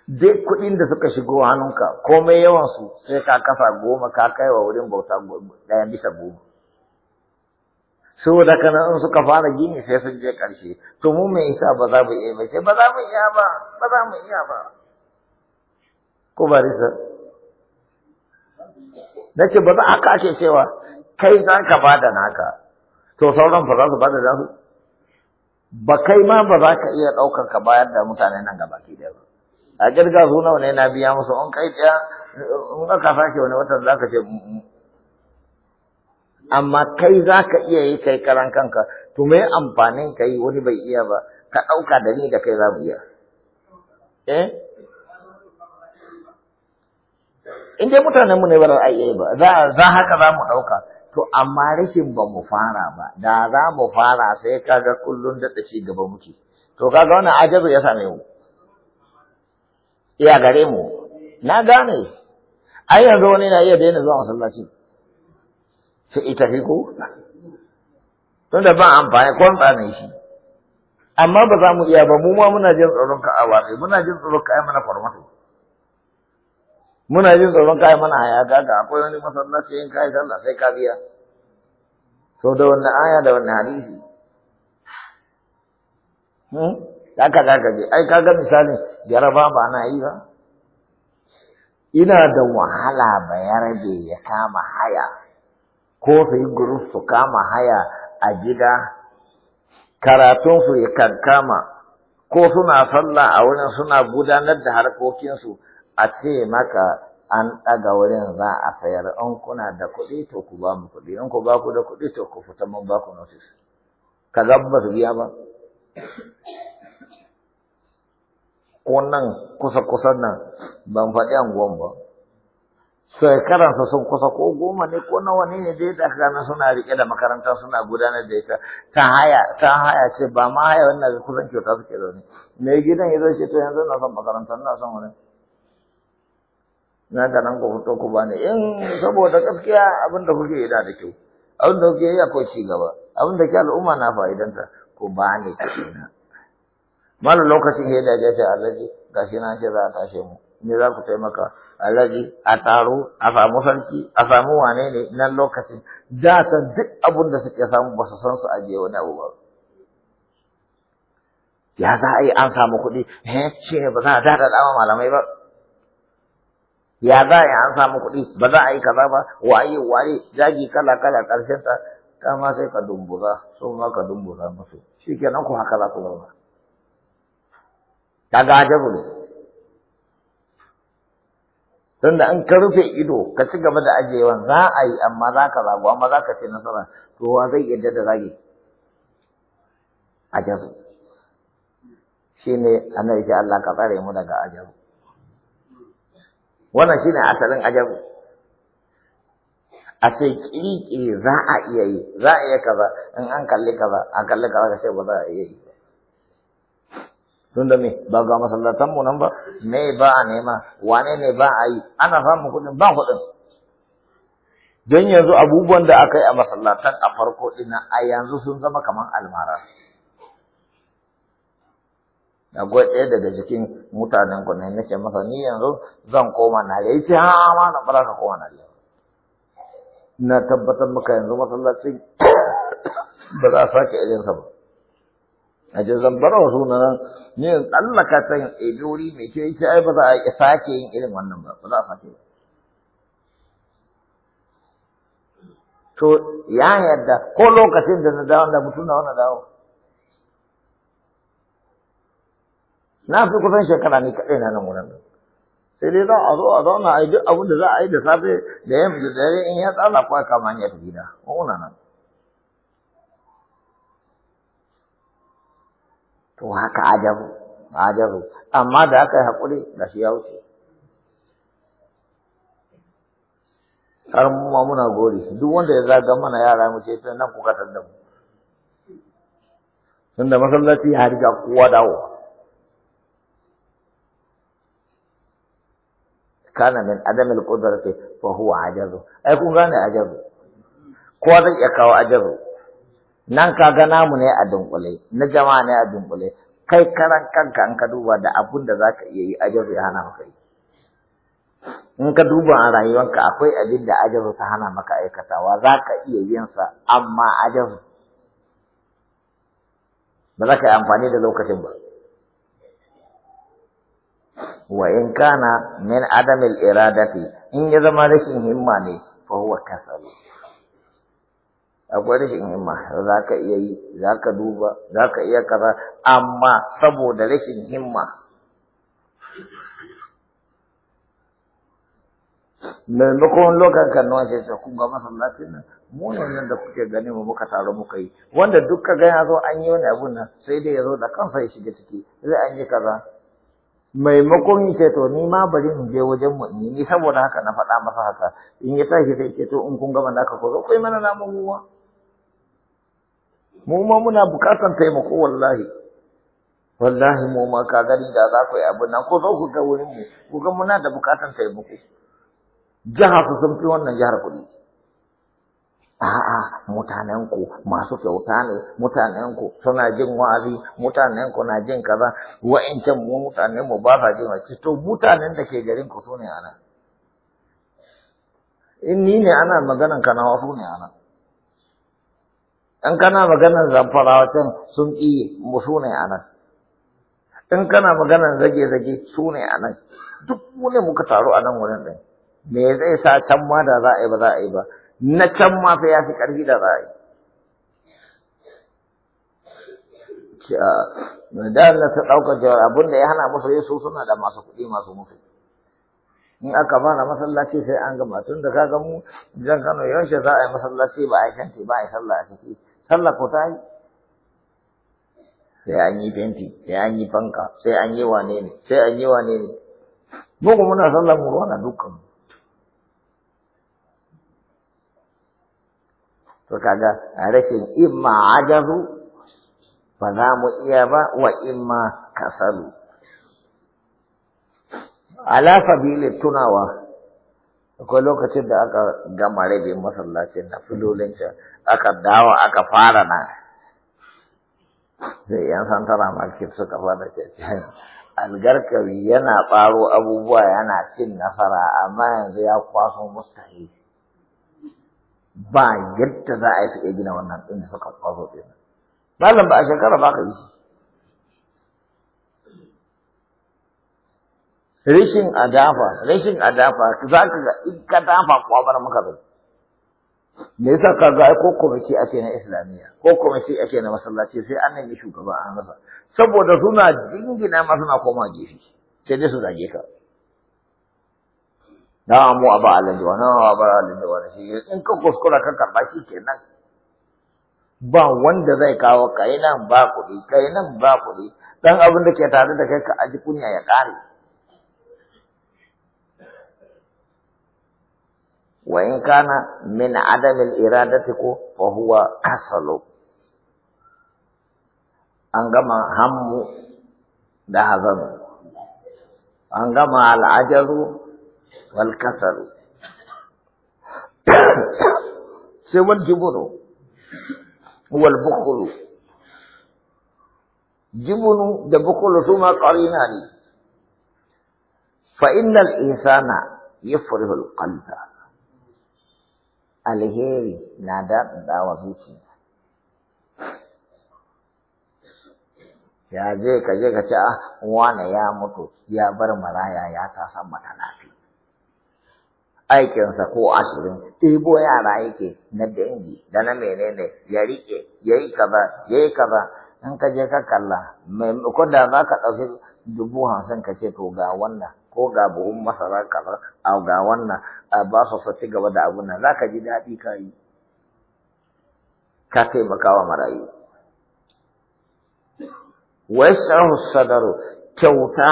duk kuɗin da suka shigo hannunka komai yawansu sai ka kafa goma ka kai wa wurin bauta ɗaya bisa goma saboda kana in suka fara gini sai sun je ƙarshe to mu mai isa ba za mu iya ba sai ba za mu iya ba ba za mu iya ba ko ba risa nace ba za a ake cewa kai za ka bada naka to sauran ba za su bada za su ba kai ma ba za ka iya ɗaukar ka bayar da mutane nan gaba ki da ba a kirga su nawa ne na biya musu on kai ɗaya in aka sake wani watan za ka ce mm, mm. amma kai za ka iya yi kai karan kanka to me amfanin ka yi wani bai iya ba ka ɗauka da ni da kai za mu iya eh in dai mutanen mu ne wani za ba za haka za mu ɗauka to amma rashin ba mu fara ba da za mu fara sai kaga kullum da ci gaba muke to kaga wannan ajabu ya same mu iya gare mu na gane ai yanzu wani na iya daina zuwa masallaci sai ita fi ko da ba amfani ko ba ne shi amma ba za mu iya ba mu ma muna jin tsoron ka a watsi muna jin tsoron ka mana farmata muna jin tsoron ka mana hayaka ga akwai wani masallaci in kai sallah sai ka biya to da wannan aya da wannan hadisi hmm? haka za ka je ai kaga misali jaraba ba na yi ba ina da wahala ba yarabe ya kama haya ko su yi guruf su kama haya a gida karatunsu ya kankama ko suna sallah a wurin suna gudanar da harkokinsu a ce maka an ɗaga wurin za a sayar in kuna da kuɗi to ku ba mu kuɗi in ku ba ku da kuɗi to ku fita mun ba ku notice ka ga su biya ba wannan kusa-kusan nan ban faɗi anguwan ba. Shekaransa sun kusa ko goma ne ko nawa ne ne dai da gana suna riƙe da makaranta suna gudanar da ita ta haya ta haya ce ba ma haya wannan kusan kyauta suke zaune. Me gidan ya ce to yanzu na son makaranta na son wani. Na ga nan ku fito ku bani in saboda gaskiya abin da kuke yi da kyau. Abin da kuke yi akwai ci gaba. Abin da ke al'umma na fa'idanta ku bani ne na. Mala lokacin ya dace ce alaji shi na shi za a tashe mu. Me za ku taimaka? Alaji a taro a samu sarki a samu wane ne nan lokacin da san duk abin da suke samu ba su san su ajiye wani abu ba. Ya za a yi an samu kuɗi? he, eh, shi ne ba za a dada dama malamai ba. Ya za a yi an samu kuɗi? Ba za a yi kaza ba. Waye waye zagi kala kala ƙarshen ta. Kama sai ka dumbuza, sun ma ka dumbuza musu. Shi kenan ku haka za ku zauna. kaga ajabu ne tunda an ka rufe ido ka ci gaba da ajewa za a yi amma za ka zagu amma za ka ce nasara to wa zai yadda da zage ajabu shine yi insha Allah ka tsare mu daga ajabu wannan shi ne asalin ajabu a ce kirkiri za a iya yi za a iya kaza in an kalli kaza a kalli kaza ka ce ba za a iya yi ba tunda da me ba ga masallatan mu nan ba me ba a nema wane ne ba a yi ana samun kuɗin ba kuɗin don yanzu abubuwan da aka yi a masallatan a farko ɗina a yanzu sun zama kamar almara da ɗaya daga cikin mutanen ku ne nake masa ni yanzu zan koma na ya ce ha na fara ka koma na na tabbatar maka yanzu masallacin [coughs] ba za a sake irinsa ba na ce zan bar wasu na nan ne in tsallaka ta yin ɗebori mai kyau ita ai ba za a sake yin irin wannan ba ba za a sake ba to ya yarda ko lokacin da na dawo da mutum na wani dawo na fi kusan shekara ni kaɗai na nan wurin nan sai dai za a zo a zauna a yi duk abin da za a yi da safe da yamma da dare in ya tsala kwa kama tafi gida ko nan to haka ajabu ajabu amma da aka yi haƙuri da shi ya wuce har mu ma muna gori duk wanda ya zaga mana yara mu ce sai nan ku katar da mu tunda masallaci ya riga kowa dawo kana min al qudrati fa huwa ajabu ai kun gane ajabu kowa zai iya kawo ajabu nan kaga namu ne a dunkule na jama'a ne a dunkule kai karan kanka in ka duba da abun da zaka iya yi ajabu ya hana maka yi in ka duba a rayuwarka akwai abin da ajabu ta hana maka aikatawa zaka iya yin sa amma ajabu ba za ka yi amfani da lokacin ba wa in kana min adamil iradati in ya zama rashin himma ne fa huwa kasalu akwai rashin himma za ka iya yi za ka duba za ka iya kaza amma saboda rashin himma maimakon lokacin kanuwa ce ta kunga masallacin nan mu ne da kuke gani mu muka taro muka yi wanda duk ka gani a zo an yi wani abun nan sai dai ya zo da kansa ya shiga ciki zai an yi kaza maimakon yi ce ni ma bari in je wajen mu ni saboda haka na faɗa masa haka in ya tashi sai ce to in kun gama da aka ko kai mana namu ruwa mu ma muna bukatan taimako wallahi wallahi mu ma ka gani da za ku yi abin nan ko zo ku ga wurin mu ku ga muna da bukatan taimako jiha su sun fi wannan jihar kuɗi a'a mutanen ku masu kyauta ne mutanen ku suna jin wa'azi mutanen ku na jin kaza can mu mutanen mu ba sa jin wa'azi to mutanen da ke garin ku su ne anan in ni ne ana maganan kanawa su ne anan in kana maganar zamfarawa can sun ƙi su ne a nan in kana maganar zage-zage su ne a nan duk wani muka taru a nan wurin ɗin me zai sa can ma da za a yi ba za a yi ba na can ma fa ya fi ƙarfi da za a yi da ta ɗauka jawar abin da ya hana masa yesu suna da masu kuɗi masu mafi? in aka fara masallaci sai an gama tun da ka mu jan Kano yaushe za a yi masallaci ba a yi shanti ba a yi sallah a ciki sallah ko ta yi sai an yi fenti sai an yi fanka sai an yi wane ne sai an yi wane ne mu kuma muna sallah mu ruwana dukkan mu to kaga a rashin imma ajazu ba za mu iya ba wa imma kasalu ala sabilin tunawa akwai lokacin da aka gama rage masallaci na filolin aka dawo aka fara nan sai yan santara market suka fara cikin algarkawi yana faro abubuwa yana cin nasara amma yanzu ya kwaso mustahi ba yadda za a yi suke gina wannan ɗin suka kwaso ɗin ba a shekara ba ka yi rashin adafa rashin adafa za ka ga in ka dafa kwabar maka bai me yasa ka ga ko kwamiti ake na islamiyya ko kwamiti ake na masallaci sai an nemi shugaba an rasa saboda suna jingina ma suna koma gefe sai dai su zage ka na mu a ba alin jiwa na ba jiwa na shi in ka kuskura ka karba shi kenan ba wanda zai kawo kai nan ba kuɗi kai nan ba kuɗi dan abin da ke tare da kai ka aji kunya ya ƙare وإن كان من عدم الإرادة فهو كسل أنجما هم دهذن أنجما العجل والكسل [coughs] سوى الجبن هو البخل جبن دبخل ثم قريناني فإن الإنسان يفره القلب alheri na daɗin dawa zuciya ya je ka je ka ce ah, wane ya mutu ya bar maraya ya ta san mata lafi aikinsa ko ashirin ɗebo yara yake na dangi da na menene ya riƙe ya yi kaza ya yi kaza in ka je ka kalla maimakon da za ka ɗauki dubu hamsin ka ce to ga wannan ko ga buhun masara kaza a ga wannan a ba su su ci gaba da abun nan za ka ji daɗi ka yi ka taimaka wa marayu wai sahu sadaru kyauta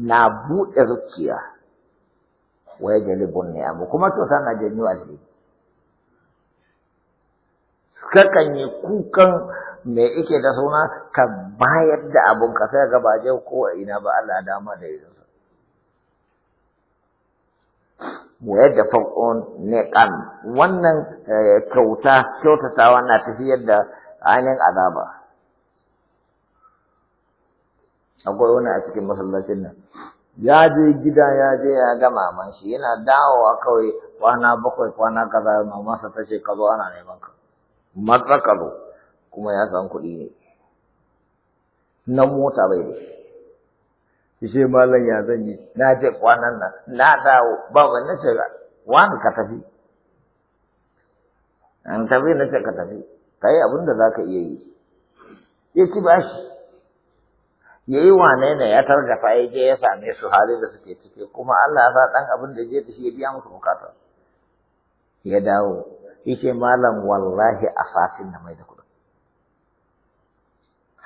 na buɗe zuciya Wai ya jalibun ne abu kuma kyauta na janyo alli. kakan yi kukan me yake da suna ka bayar da abun ka sai ga ba ko ina ba Allah dama da yanzu ne kan wannan eh, kyauta kyautatawa na tafiyar da ainihin azaba akwai wani a cikin masallacin nan ya je gida ya je ya ga maman shi yana dawowa kawai kwana bakwai kwana kaza sa ta ce ka zo ana neman ka matsa kuma ya san kuɗi ne na mota bai da shi ishe malam ya zan yi na je kwanan nan na dawo ba wani shiga wani ka tafi an tafi na ce ka tafi ka yi abin da za ka iya yi ya ci bashi ya yi wane ne ya targafa ya je ya same su hali da suke ciki kuma Allah ya sa ɗan abin da je da shi ya biya musu bukata ya dawo ishe malam wallahi a fasin na mai da kuɗi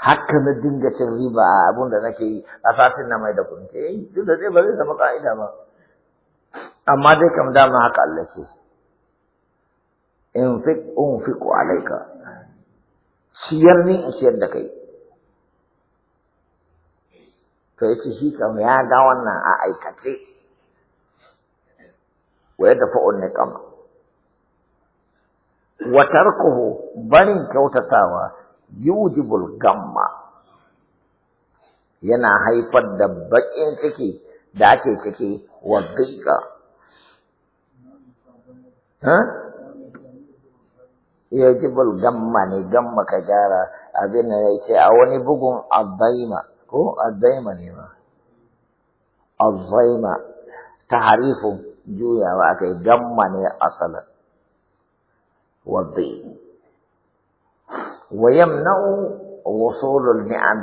haka na dinga cin riba a abun da nake yi a satin na mai da kuɗi eh duk da zai ba zai zama ka'ida ba amma dai kam dama haka Allah ce in fi un fi ku alaika ciyar ni in siyar da kai to yace shi kam ya ga wannan a aikace wa yadda fa'un ne kama wa tarkuhu barin kyautatawa yujibul gamma yana haifar da baƙin ciki da ake ciki wa gaika. Ya ji gamma ne gamma ka gyara abin da ya ce a wani bugun azaima ko azaima ne ma. Azaima ta harifin juyawa aka yi gamma ne asalin wa ويمنع وصول النعم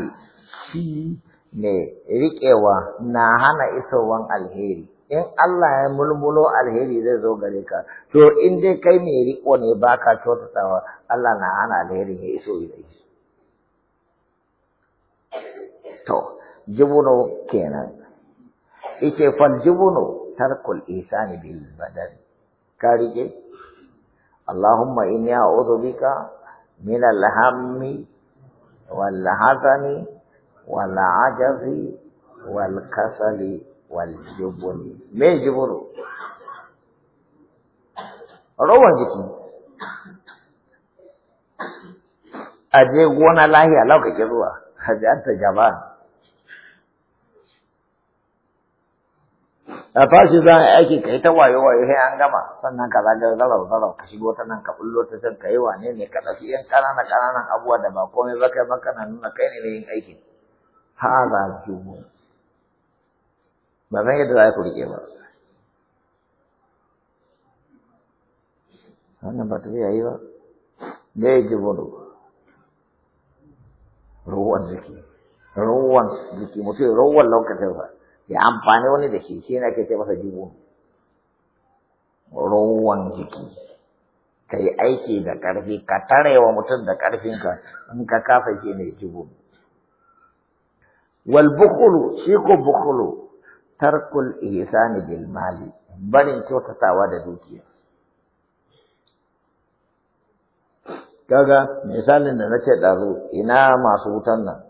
shi ne riƙewa na hana isowan alheri in Allah ya mulmulo alheri zai zo gare ka to in dai kai mai riƙo ne baka kyautatawa Allah na hana alheri ya iso gare to jibuno kenan ike fal jibuno tarkul ihsani bil badani ka rike Allahumma inni a'udhu bika من الهم والحزن والعجز والكسل والجبن ما جبن روان جكي aje gona lahiya lau kake zuwa hajji an ta jaba a tashi za a aiki ka yi ta wayo wayo sai an gama sannan ka zaga zarau zarau ka shigo ta nan ka bullo ta can ka yi wane ne ka ɗauki yan ƙananan ƙananan abuwa da ba komai ba kai maka na nuna kai ne ne yin aikin haza jumu ba zan yadda za ku rike ba wannan ba ta yayi ba da ya ji gudu ruwan jiki ruwan jiki mutum ruwan lokacin ba ya amfani wani da shi shi ne ke masa jibo rowan jiki ka yi aiki da ƙarfi ka tare wa mutum da ƙarfinka in ka kafa shi ne jibo wal bukulu shi ko bukulu tarkul ihsani bil mali barin kyautatawa da dukiya kaga misalin da na ce ɗazu ina masu wutan nan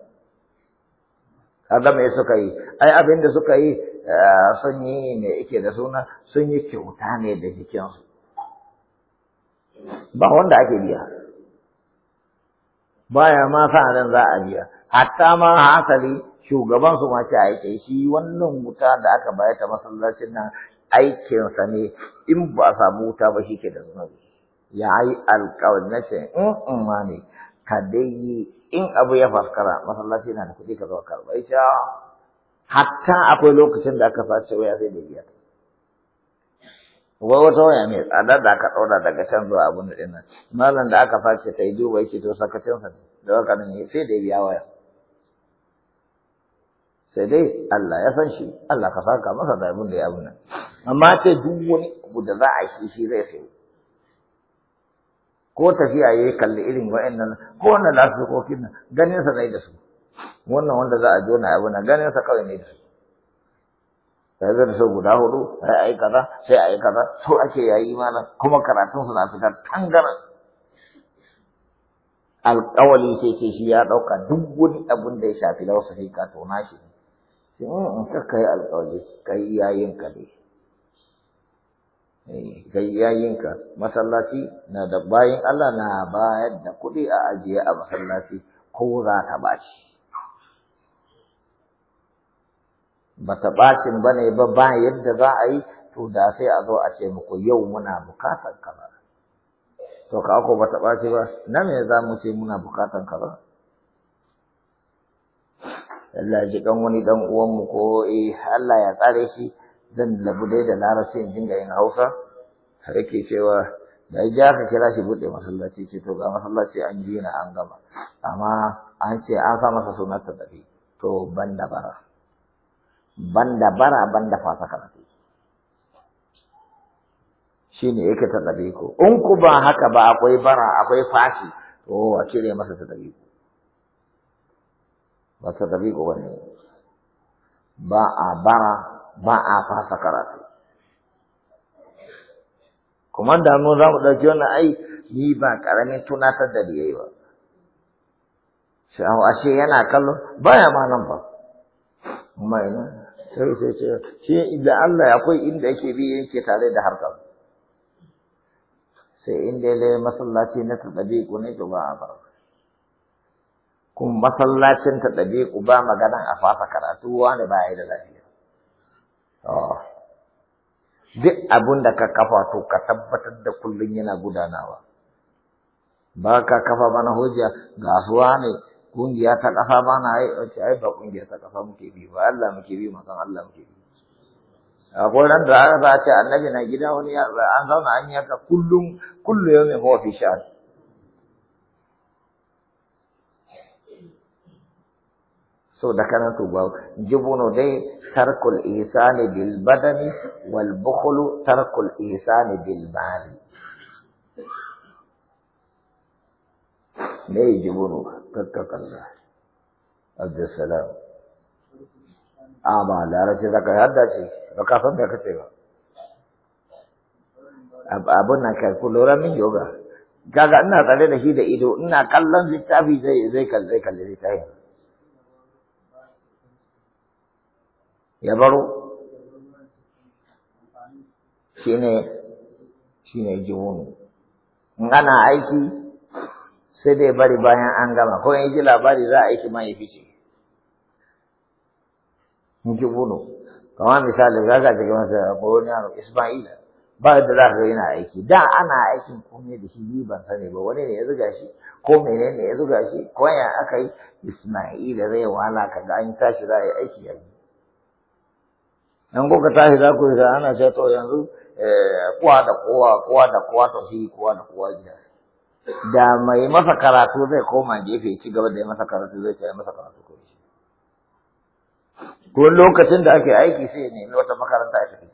kaga me suka yi ai abin da suka yi eh, sun yi ne yake da suna sun yi kyauta ne da jikinsu ba wanda ake biya baya ma sa ran za a biya hatta ma hasali shugaban su ma ce yake shi wannan wuta da aka bayar ta masallacin nan aikinsa ne in ba a samu wuta ba shi ke da zunubi ya yi alƙawarin na in in mm, mm, ma ne ka dai yi in abu ya faskara masallaci na da kuɗi ka zo karɓa ita hatta akwai lokacin da aka face waya sai da biya wai wata waya mai tsada da aka ɗaura daga can zuwa abu na ɗin nan malam da aka face ta yi duba yake to sakacin sa da waka nan sai da biya waya sai dai Allah ya san shi Allah ka saka masa da abin da ya abu nan amma sai duk wani abu da za a shi shi zai sai. ko tafiya ya kalli irin wa'annan ko wannan ko nan ganin sa da su wannan wanda za a jona abu na ganin sa kawai ne da su sai zai so guda hudu sai ai kaza sai ai kaza so ake yayi mana kuma karatun su na fitar tangaran alƙawali sai ce shi ya ɗauka duk wani abun da ya shafi lausa sai ka tona shi in mm, mm, ka kai alƙawali kai iyayen ka ne Eh, yinka masallaci na da bayan Allah na bayar da kuɗi a ajiye a masallaci ko za ta baci ba ta bacin ba ne ba ba yadda za a yi to da sai a zo a ce muku yau muna bukatar kaza to ka ako ba ta baci ba na me za mu ce muna bukatar kaza Allah ji kan wani dan uwanmu ko eh Allah ya tsare shi zan labu dai da larabci in dinga yin hausa Har yake cewa da ya ka kira shi buɗe masallaci ce to ga masallaci an gina an gama amma an ce an sa masa sunan ta dabi to ban da bara ban da bara ban da fasa karatu shi ne yake ta dabi ko in ku ba haka ba akwai bara akwai fashi to a cire masa ta dabi ko ba ta dabi ko ba ba a bara ba a fasa karatu kuma da mu za mu ɗauki wannan ai ni ba ƙaramin tunatar da yayi ba sai ashe yana kallo baya ma nan ba amma ina sai sai ce shi idan Allah akwai inda yake bi yake tare da harkar sai inda dai masallaci na tadabi ku ne to ba a bar kuma masallacin ku ba magana a fasa karatu wani ba ya da lafiya Ah. Duk abin da ka kafa to ka tabbatar da kullum yana gudanawa. Ba ka kafa mana hujja gasuwa ne kungiya ta ƙasa ba na ai ba kungiya ta ƙasa muke bi ba Allah muke bi masan Allah muke bi. akwai nan da aka ce annabi na gida wani ya an zauna an yi kullum kullum yau mai hofi sha'ad. so da kana tuba jibunu dai tarkul ihsani bil badani wal bukhlu tarkul ihsani bil mali ne jibunu tattaqalla abdussalam amma ah, da zaka hadda ce ba ka san ka kace ba abun nan kai ku lura min yoga kaga ina tsare da shi da ido ina kallon littafi zai zai kalle zai kalle littafin ya baro shine shine jihunu in ana aiki sai dai bari bayan an gama ko in ji labari za aiki ma ya fice in jihunu kamar misali za ka jiga masa wani yaro isma'ila ba da za ka yana aiki da ana aiki komai da shi ni ban sani ba wani ne ya zuga shi ko menene ya zuga shi ko ya aka yi isma'ila zai wala ka aiki in kuka tashi za ku yi ana ce to yanzu eh, kuwa da kowa kowa da kowa to shi kowa da kowa gida da mai masa karatu zai koma gefe ci gaba da masa karatu zai ce masa karatu ko shi ko lokacin da ake aiki sai nemi wata makaranta a tafi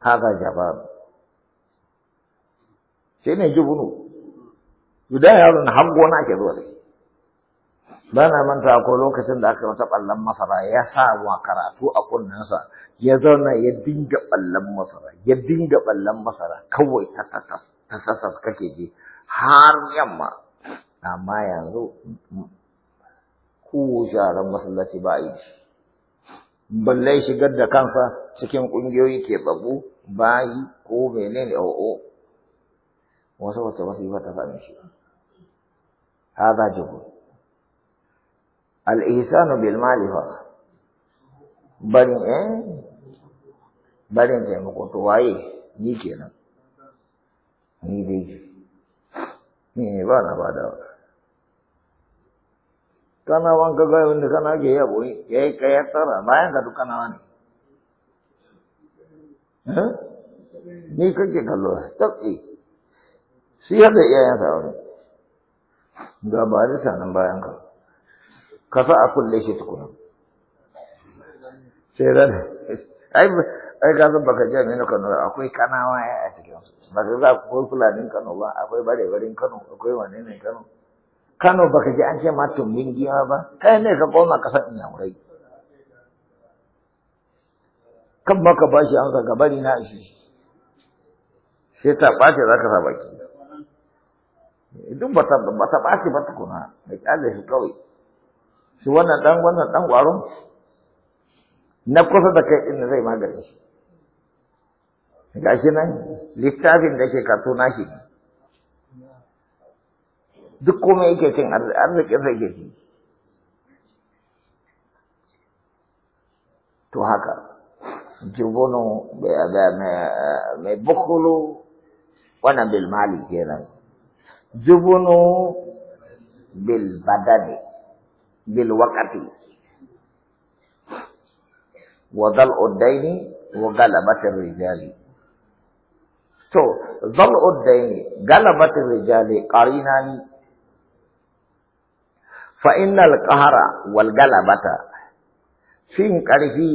haka jaba sai ne jubunu idan yaron har gona ke zuwa da shi ba na manta akwai lokacin da aka wata ɓallon masara ya sa wa karatu a kunnensa ya zauna ya dinga ɓallon masara ya dinga ɓallon masara kawai ta tasas kake ji har yamma amma yanzu mm, ko sharan masallaci ba a yi balle shigar da kansa cikin ƙungiyoyi ke babu bayi ko menene o'o oh, oh. wasu wata wasifa ta sami shi hada jubur al'isanu bil malifa bari eh barin taimako to waye ni kenan ni dai ni ne ba na ba da kana wanka ga wanda kana ke ya boye yayi tara, bayan ka duka dukana wani eh? ni kake kallo tabbi shi yadda iyayen sa wani ga ba da sanan bayan ka ka sa a kulle shi tukuna sai ran ai ai ga zan baka jami na Kano akwai kanawa ya a cikin su baka za ku fulanin Kano ba akwai barebarin Kano akwai wane ne Kano Kano baka ji an ce ma tumbin giya ba kai ne ka koma ka san wurai kan ma ka bashi amsa ga bari na shi sai ta ɓace za ka sa baki duk ba ta ɓace ba tukuna mai ƙyale shi kawai shi wannan dan wannan dan ƙwaron na kusa da kai inda zai magani shi gashi nan littafin da ke karto na shi duk komai yake cin arzikin sai ke ci to haka jibono mai bukulu wannan bilmali kenan jibono bilbadani bil waqati wa dhal'u ad wa ghalabati rijali to dhal'u ad-dayni rijali, ar ni. qarinani fa innal qahara wal ghalabata fi qarfi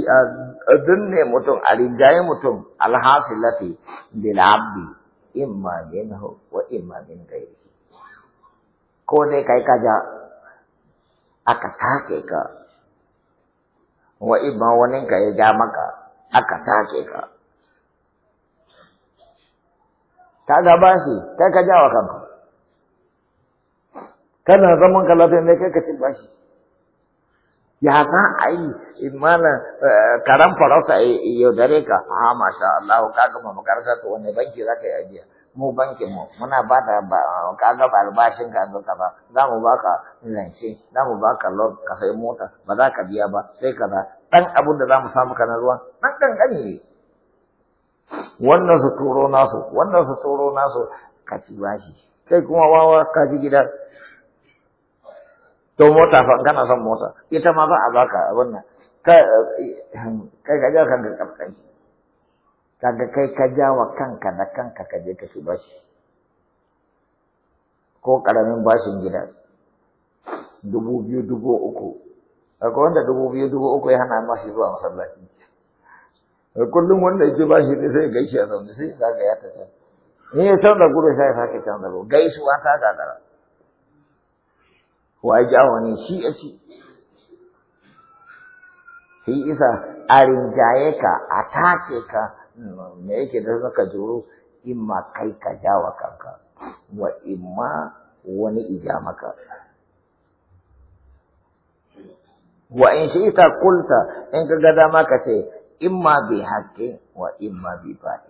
adunne eh, mutum alijaye mutum Al-hashi alhasilati bil abdi imma minhu wa imma min ghairihi ko dai kai kaja aka take ka wa ibma wani ka ya ja maka aka take ka ta gaba shi kai ka jawa kanka kana zaman ka lafiya ne kai ka ci bashi ya za a yi imana eh, karan farauta yaudare ka ha ah, masha Allah ka gama makaranta to wanne banki za ka yi ajiya mu bankin mu muna ba da kaga ba albashin ka ga ba za mu baka lance za mu baka lot ka sai mota ba za ka biya ba sai kaza dan abun da za mu samu kana ruwa dan dan gani ne wannan su turo nasu wannan su turo nasu ka ci bashi kai kuma wawa ka ji gida to mota fa kana son mota ita ma za a baka wannan eh, kai ga ga kaskanci kaga kai ka jawa kanka da kanka ka je ka shi bashi ko karamin bashin gida dubu biyu dubu uku akwai wanda dubu biyu dubu uku ya hana mashi zuwa masallaci kullum wanda ya ce bashi ne sai gaishe a zaune sai zaga ya tafi ni in ya da gudu sai ya sake canza gudu gaisuwa ta gagara wa ja wani shi ya ci shi isa a rinjaye ka a take ka me yake da zaka juro imma kai ka jawa kanka wa imma wani ija maka wa in shi shi'ta kulta in ka ga dama ka ce imma bi haƙƙi wa imma bi bai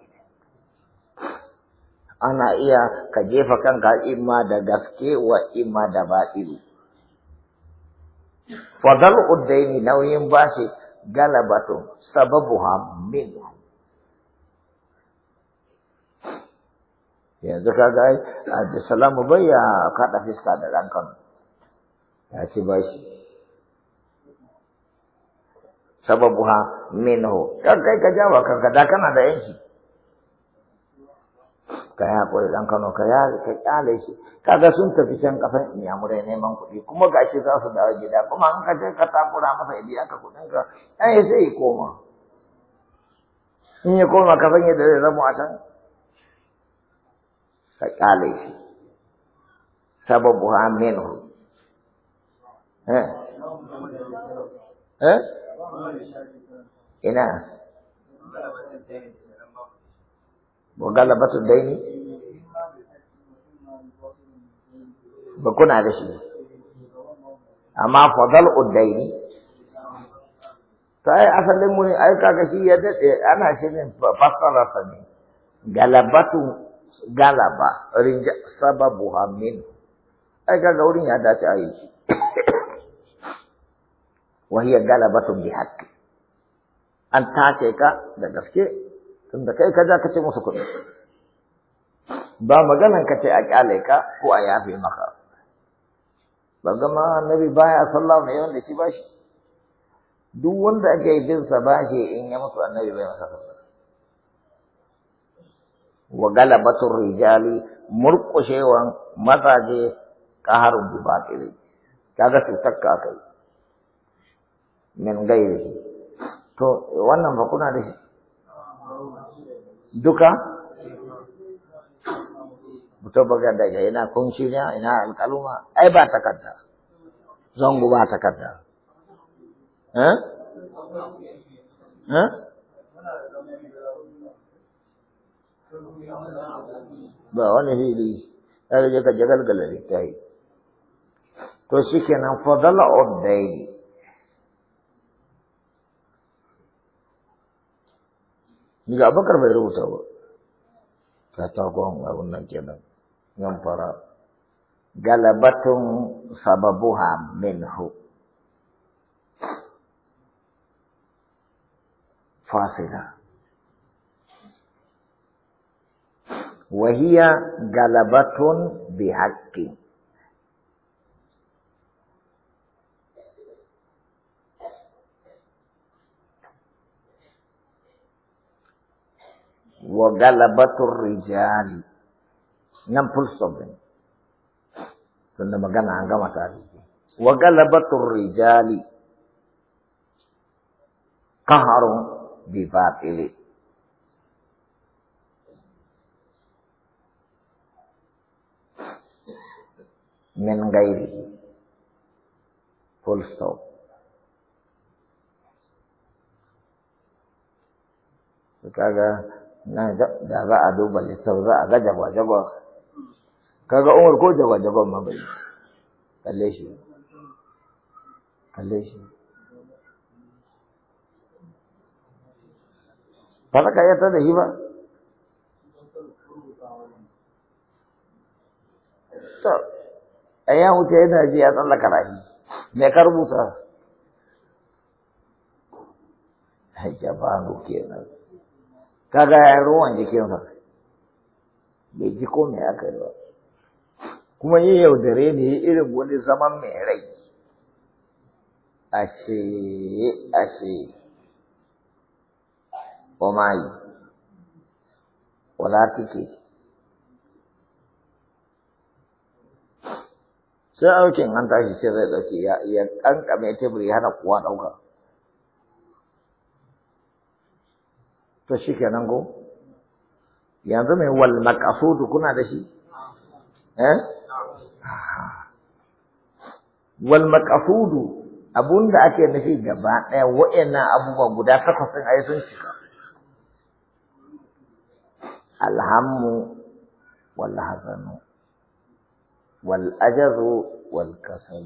ana iya ka jefa kanka imma da gaske wa imma da batili fadal uddaini nauyin bashi galabatu sababuha minhu yanzu kaga ai da bai ya kaɗa fiska da ɗan Kano ya ci ba shi sababu ha minhu kai ka jawa kanka da kana da yanki ka ya koyi ɗan Kano ka ya ka kyale shi kaga sun tafi can kafan inyamurai neman kuɗi kuma gashi za su dawo gida kuma an ka je ka takura masa idiya ka kuɗin ka ai sai ya koma in ya koma kafan yadda zai zama a can ka ƙyale shi sababu ha minhu eh eh ina galabatu daini ba kuna da shi amma fadal uddaini sai asalin mu ai kaga shi ya dade ana shi ne sa ne galabatu galaba rinja sababu hamin ai ga wurin ya dace a yi [coughs] tun bi haƙƙi. An tace ka da gaske da kai ka za ka ce musu kuɗi ba maganan ka ce a kyale ka ko a yafe maka ba gama annabi baya sallah mai yawan da shi bashi duk wanda ake bin sa bashi in ya mutu annabi bai masa sallah wa galabatur rijali murƙushewan mazaje qaharun bi batili kaga su takka kai min gairihi to wannan ba kuna da shi duka to baga daga ina kunshi na ina alƙaluma ai ba takarda zango ba takarda eh eh ba wani hili ya rage ka jagalgala yi to shi kenan fadala oddaini ga abokar bai rubuta ba katakon abun nan kenan yan fara galabatun sababuha minhu fasila وهي غلبة بحق وغلبة الرجال نم فل صبر tunda magana an gama tare wa galabatur rijali min gairihi full stop kaga na da za a duba lissaf za a ga jagwa-jagwa kaga umar ko jagwa-jagwan ma bai kalle shi kalle shi ba ka iya ta da shi ba to a ya wuce yana ji ya tsallaka rafi me ka rubuta jabanu kenan kaga ya ruwan jikinsa bai ji ko me aka yi ba kuma ya yaudare ne irin wani zaman mai rai ashe ashe omayi wala kike. sai aukin an tashi sai zai dauke ya ya kankame tebur ya hana kuwa dauka to shikenan go yanzu mai wal maqasudu kuna da shi eh wal abun abunda ake nufi gaba daya wa'annan abubuwa guda takwas din ai sun cika alhammu wal hazanu wal ajazu wal kasal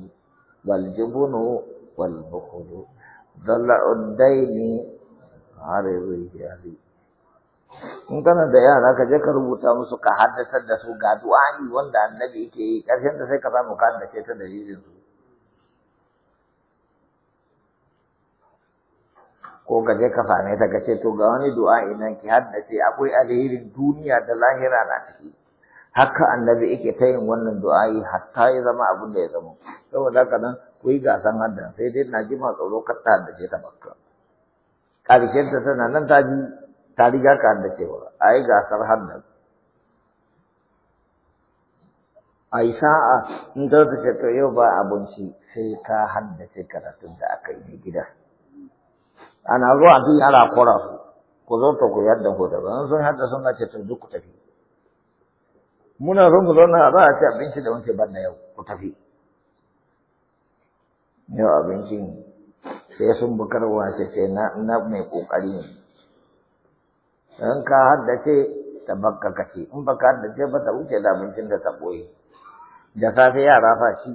wal jubnu wal bukhlu in kana da yara ka je ka rubuta musu ka haddasar da su ga du'ani wanda annabi yake yi karshen da sai ka samu ka haddace ta dalilin su ko ka je ka fane ta ka ce to ga wani du'a nan ki haddace akwai alherin duniya da lahira na ciki haka annabi yake ta yin wannan du'a'i hatta ya zama abin da ya zama saboda haka nan ku yi gasan hadda sai dai na ji ma tsoro kar ta haddace ta bakka ƙarshen ta tana nan ta ji ta riga ka haddacewa a yi gasar hadda a yi sa'a in ta ta ce to yau ba abinci sai ka haddace karatun da aka yi gida ana zuwa duk yara kora ku zo ta koyar da ku daban sun hadda sun ce to duk ku tafi muna son ku zauna za a ci abinci da wanke banda yau ku tafi yau abincin sai sun bukar wace ce na na mai kokari ne in ka haddace ta bakka kace in baka haddace ba ta wuce da abincin da ta boye da safe yara fa shi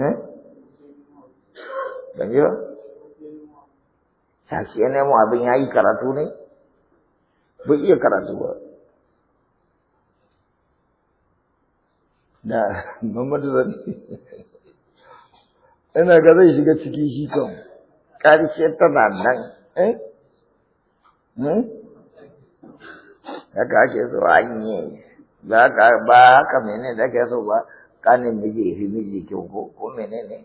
eh ban ji ba ya nemo abin ya yi karatu ne bai iya karatu ba da Muhammadu Zani ina ga zai shiga ciki shi kan ƙarshe tana nan eh hmm? haka ake so an yi ba haka mene da ake so ba kanin miji fi miji kyau ko ko mene ne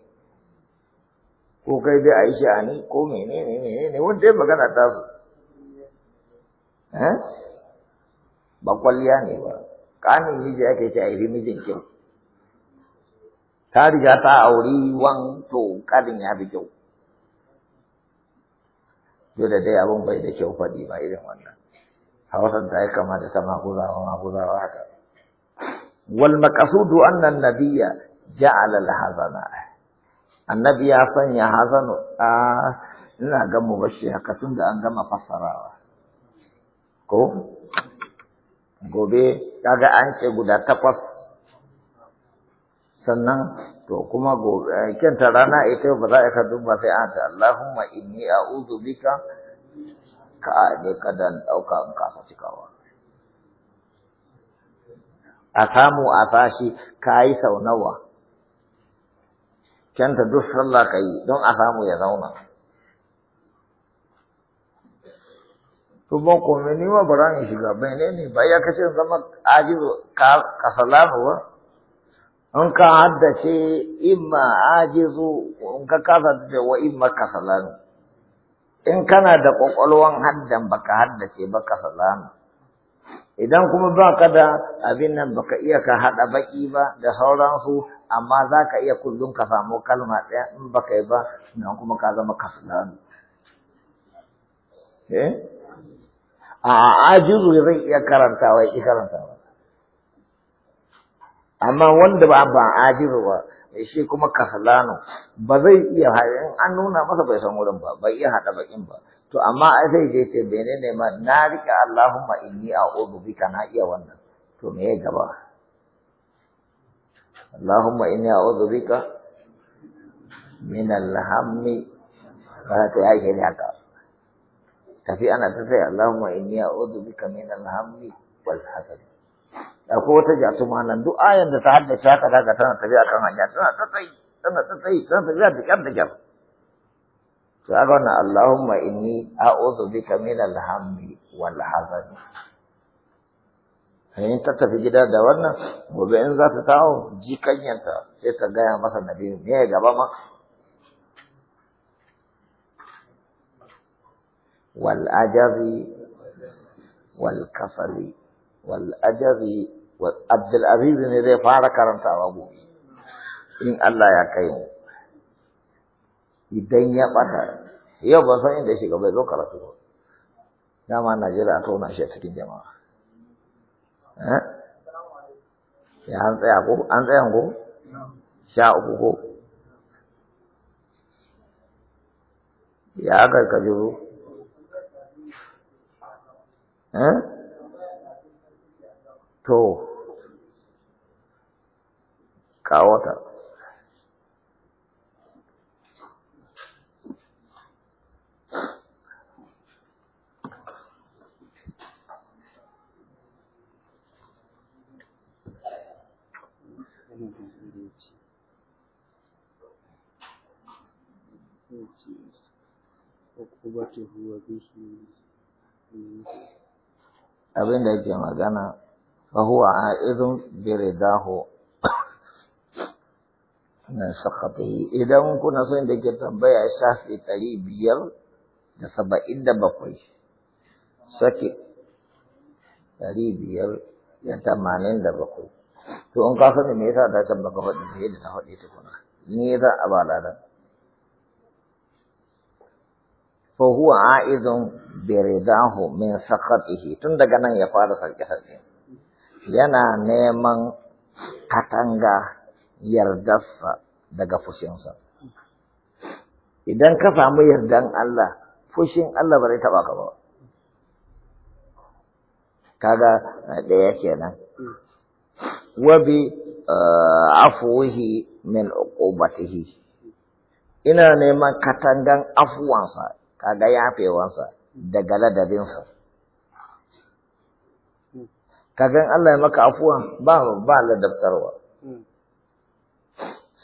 ko kai dai a yi sha'ani ko mene ne mene ne wanda magana ta su eh? ba kwalliya ne ba kanin miji ake ce a mijin kyau ta riga ta auri wan to kanin ya fi kyau da dai abun bai da kyau faɗi ba irin wannan hausan ta yi kama da ta maguzawa maguzawa haka wal maqsudu anna an-nabiyya ja'ala al-hazana annabi ya sanya a ina ga mu bashi haka tunda an gama fassarawa ko gobe kaga an ce guda takwas sannan to kuma gobe eh, kyanta rana ita ba za ka duba sai an ta Allahumma inni a'udhu bika ka ne kadan dauka in kasa cikawa a samu a tashi kayi sau nawa kyanta duk sallah yi don a samu ya zauna to ba ni ma bara in shiga menene ba ya kace zama ajizu ka kasala ba in ka haddace imma ajizu in ka kasa da wa imma kasalan in kana da kokolwan haddan baka haddace ba kasalan idan kuma ka da abin nan baka iya ka hada baki ba da sauransu amma za ka iya kullum ka samu kalma ɗaya in baka yi ba nan kuma ka zama kasalan eh a ajizu zai iya iya ya wa? amma wanda ba ba ajiru ba shi kuma kasalano ba zai iya in an nuna masa bai san wurin ba bai iya hada bakin ba to amma sai je ce bene ne ma na rika Allahumma inni a'udhu bika na iya wannan to me ya gaba Allahumma inni a'udhu bika min al-hammi ba ta yake ne haka tafi ana ta sai Allahumma inni a'udhu bika min al-hammi wal hazan akwai wata jatu nan duk ayan da ta haddace haka daga tana tafi akan hanya tana ta sai tana ta sai tana ta da kyar da kyar to aka wannan Allahumma inni a'udhu bika min al-hammi wal hazan sai ta tafi gida da wannan gobe in za ta tawo jikanyanta sai ta gaya masa nabi ne ya gaba ma والعجز والكسل والعجز عبد العزيز ne zai fara karantawa gobe in Allah ya kai mu idan ya bata yau ban san inda shiga bai zo karatu ba dama Najeriya a tona shi a cikin jama'a ya an tsaya ko an tsaya ko sha uku ko ya aka ka jiro Eh? to kawata Okubatehuwa bihi. abin da yake magana fa huwa aizun bi ridahu [coughs] na sakatihi idan kuna son da ke tambaya shafi ɗari biyar da saba'in da bakwai sake ɗari biyar da tamanin da bakwai to in ka sani me yasa da can baka faɗi fiye da ta faɗi tukuna ni za a ba ladan fa huwa a'idun min sakatihi tun daga nan ya fara sarki sarki yana neman katanga yardarsa daga fushinsa idan ka samu yardan Allah fushin Allah bari taba ka ba kaga ɗaya kenan wa bi afuwihi min uqubatihi ina neman katangan afuwansa kaga yafewansa da Ka kagan Allah ya maka afuwa ba ba ladabtarwa hmm.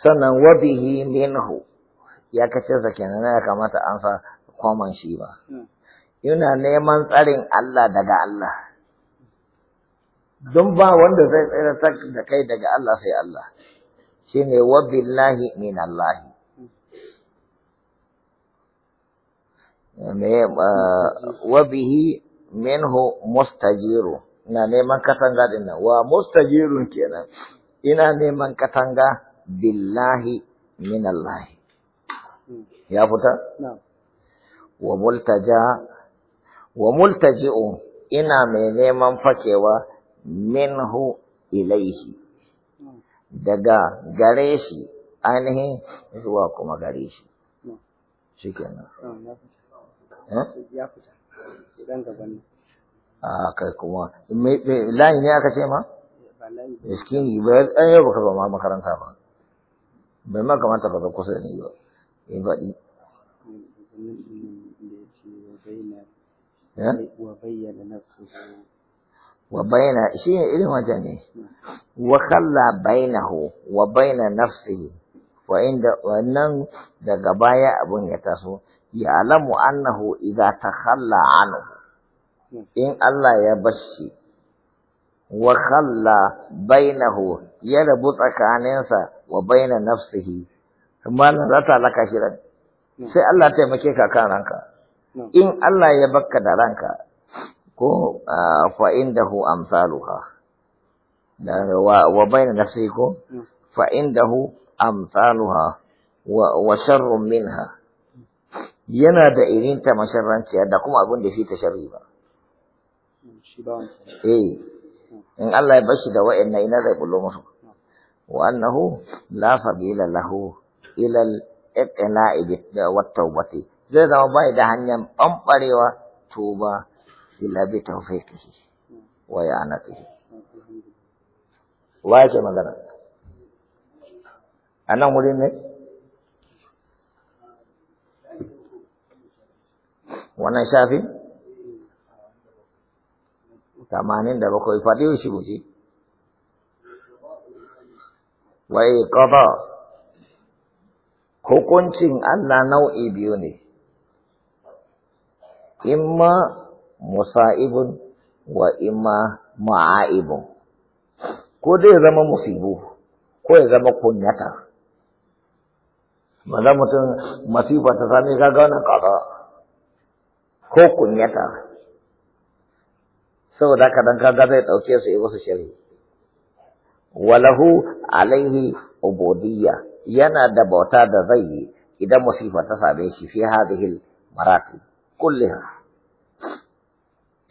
sannan wabihi minhu ya kace zakin na ya kamata an sa kwaman shi ba hmm. yana neman tsarin Allah daga Allah don ba wanda zai tsira da kai daga Allah sai Allah shine wabillahi min Allahi. wabihi minhu mustajiru ina neman katanga din nan wa mustajirun kenan ina neman katanga billahi min Allah ya fita wa multaja wa multaji'u ina mai neman fakewa minhu ilaihi daga gare shi ainihin zuwa kuma gare shi shikenan ya fita dan gaban a kai kuma layi ne aka ce ma miskini ba an yau baka ba ma makaranta ba bai ma kamata ba ka kusa da ni ba in faɗi eh? wa bayyana shi ne irin wajen ne wa kalla bainahu wa baina nafsihi wa inda wannan daga baya abun ya taso ya'lamu annahu idza takhalla anhu in Allah ya bashi wa khalla bainahu ya rabu tsakaninsa wa baina nafsihi malam za ta laka shi ran sai Allah ya taimake ka kan ranka in Allah ya bakka da ranka ko fa indahu amsaluha wa baina nafsihi ko fa indahu amsaluha wa sharrun minha yana da irin ta masharranciya da kuma abin da fi ta sharri ba. Eh, in Allah ya bashi da na ina zai bulo musu. Wa annahu la lahu ila al-iqla'i wa tawbati. Zai zama bai da hanyar ɓamɓarewa tuba ila bi tawfiqihi wa ya'natihi. Wa ce magana? A nan wurin ne? wannan shafi tamanin da bakwai faɗi shi buji wai ƙafa hukuncin Allah nau'i biyu ne imma musa'ibun wa imma ma'aibun ko dai zama musibu ko ya zama kunyata maza mutum masifa ta sami gaggawa na kaza ko kunyata saboda haka dan kaga zai dauke su yi wasu shari walahu alaihi ubudiyya yana da bauta da zai yi idan musifa ta same shi fi hadhihi marati kulliha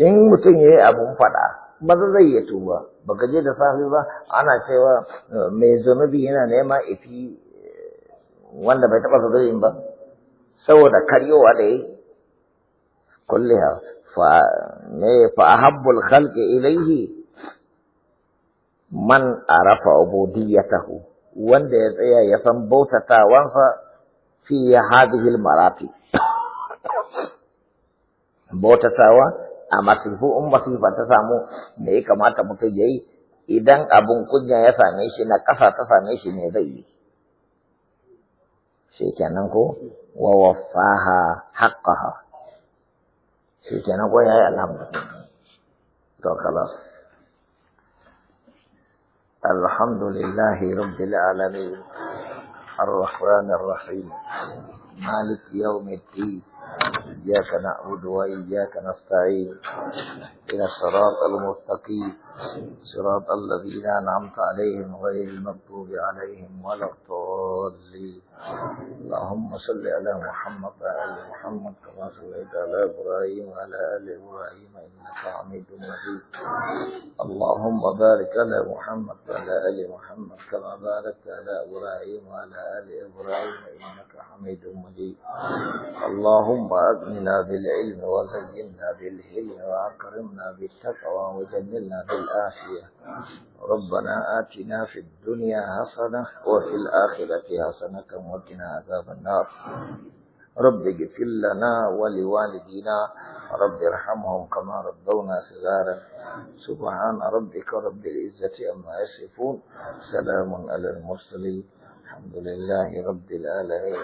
in mutum yayi abun fada maza zai yi tuba baka je da safi ba ana cewa eh, mai zunubi yana nema ifi eh, wanda bai taba yin ba saboda karyowa da yayi kulliha fa me fa habbul khalqi ilayhi man arafa ubudiyatahu wanda ya tsaya ya san bautatawansa fi hadhihi almarati bautatawa a masifu in masifa ta samu da ya kamata mutum ya yi idan abun kunya ya same shi na ƙasa ta same shi ne zai yi shi kenan ko wa wafaha haqqaha shi kenan ko الحمد لله تو خلاص الحمد لله رب العالمين الرحمن الرحيم مالك يوم الدين إياك نعبد وإياك نستعين إلى الصراط المستقيم صراط الذين أنعمت عليهم غير المغضوب عليهم ولا الضالين اللهم صل على محمد وعلى ال محمد كما صليت على ابراهيم وعلى ال ابراهيم انك حميد مجيد اللهم بارك على محمد وعلى ال محمد كما باركت على ابراهيم وعلى ال ابراهيم انك حميد مجيد اللهم اغننا بالعلم وزينا بالحلم واكرمنا بالتقوى وجملنا بالعافيه ربنا اتنا في الدنيا حسنه وفي الاخره حسنه وقنا عذاب النار رب اغفر لنا ولوالدينا رب ارحمهم كما ربونا صغارا سبحان ربك رب العزة أما يصفون سلام على المرسلين الحمد لله رب العالمين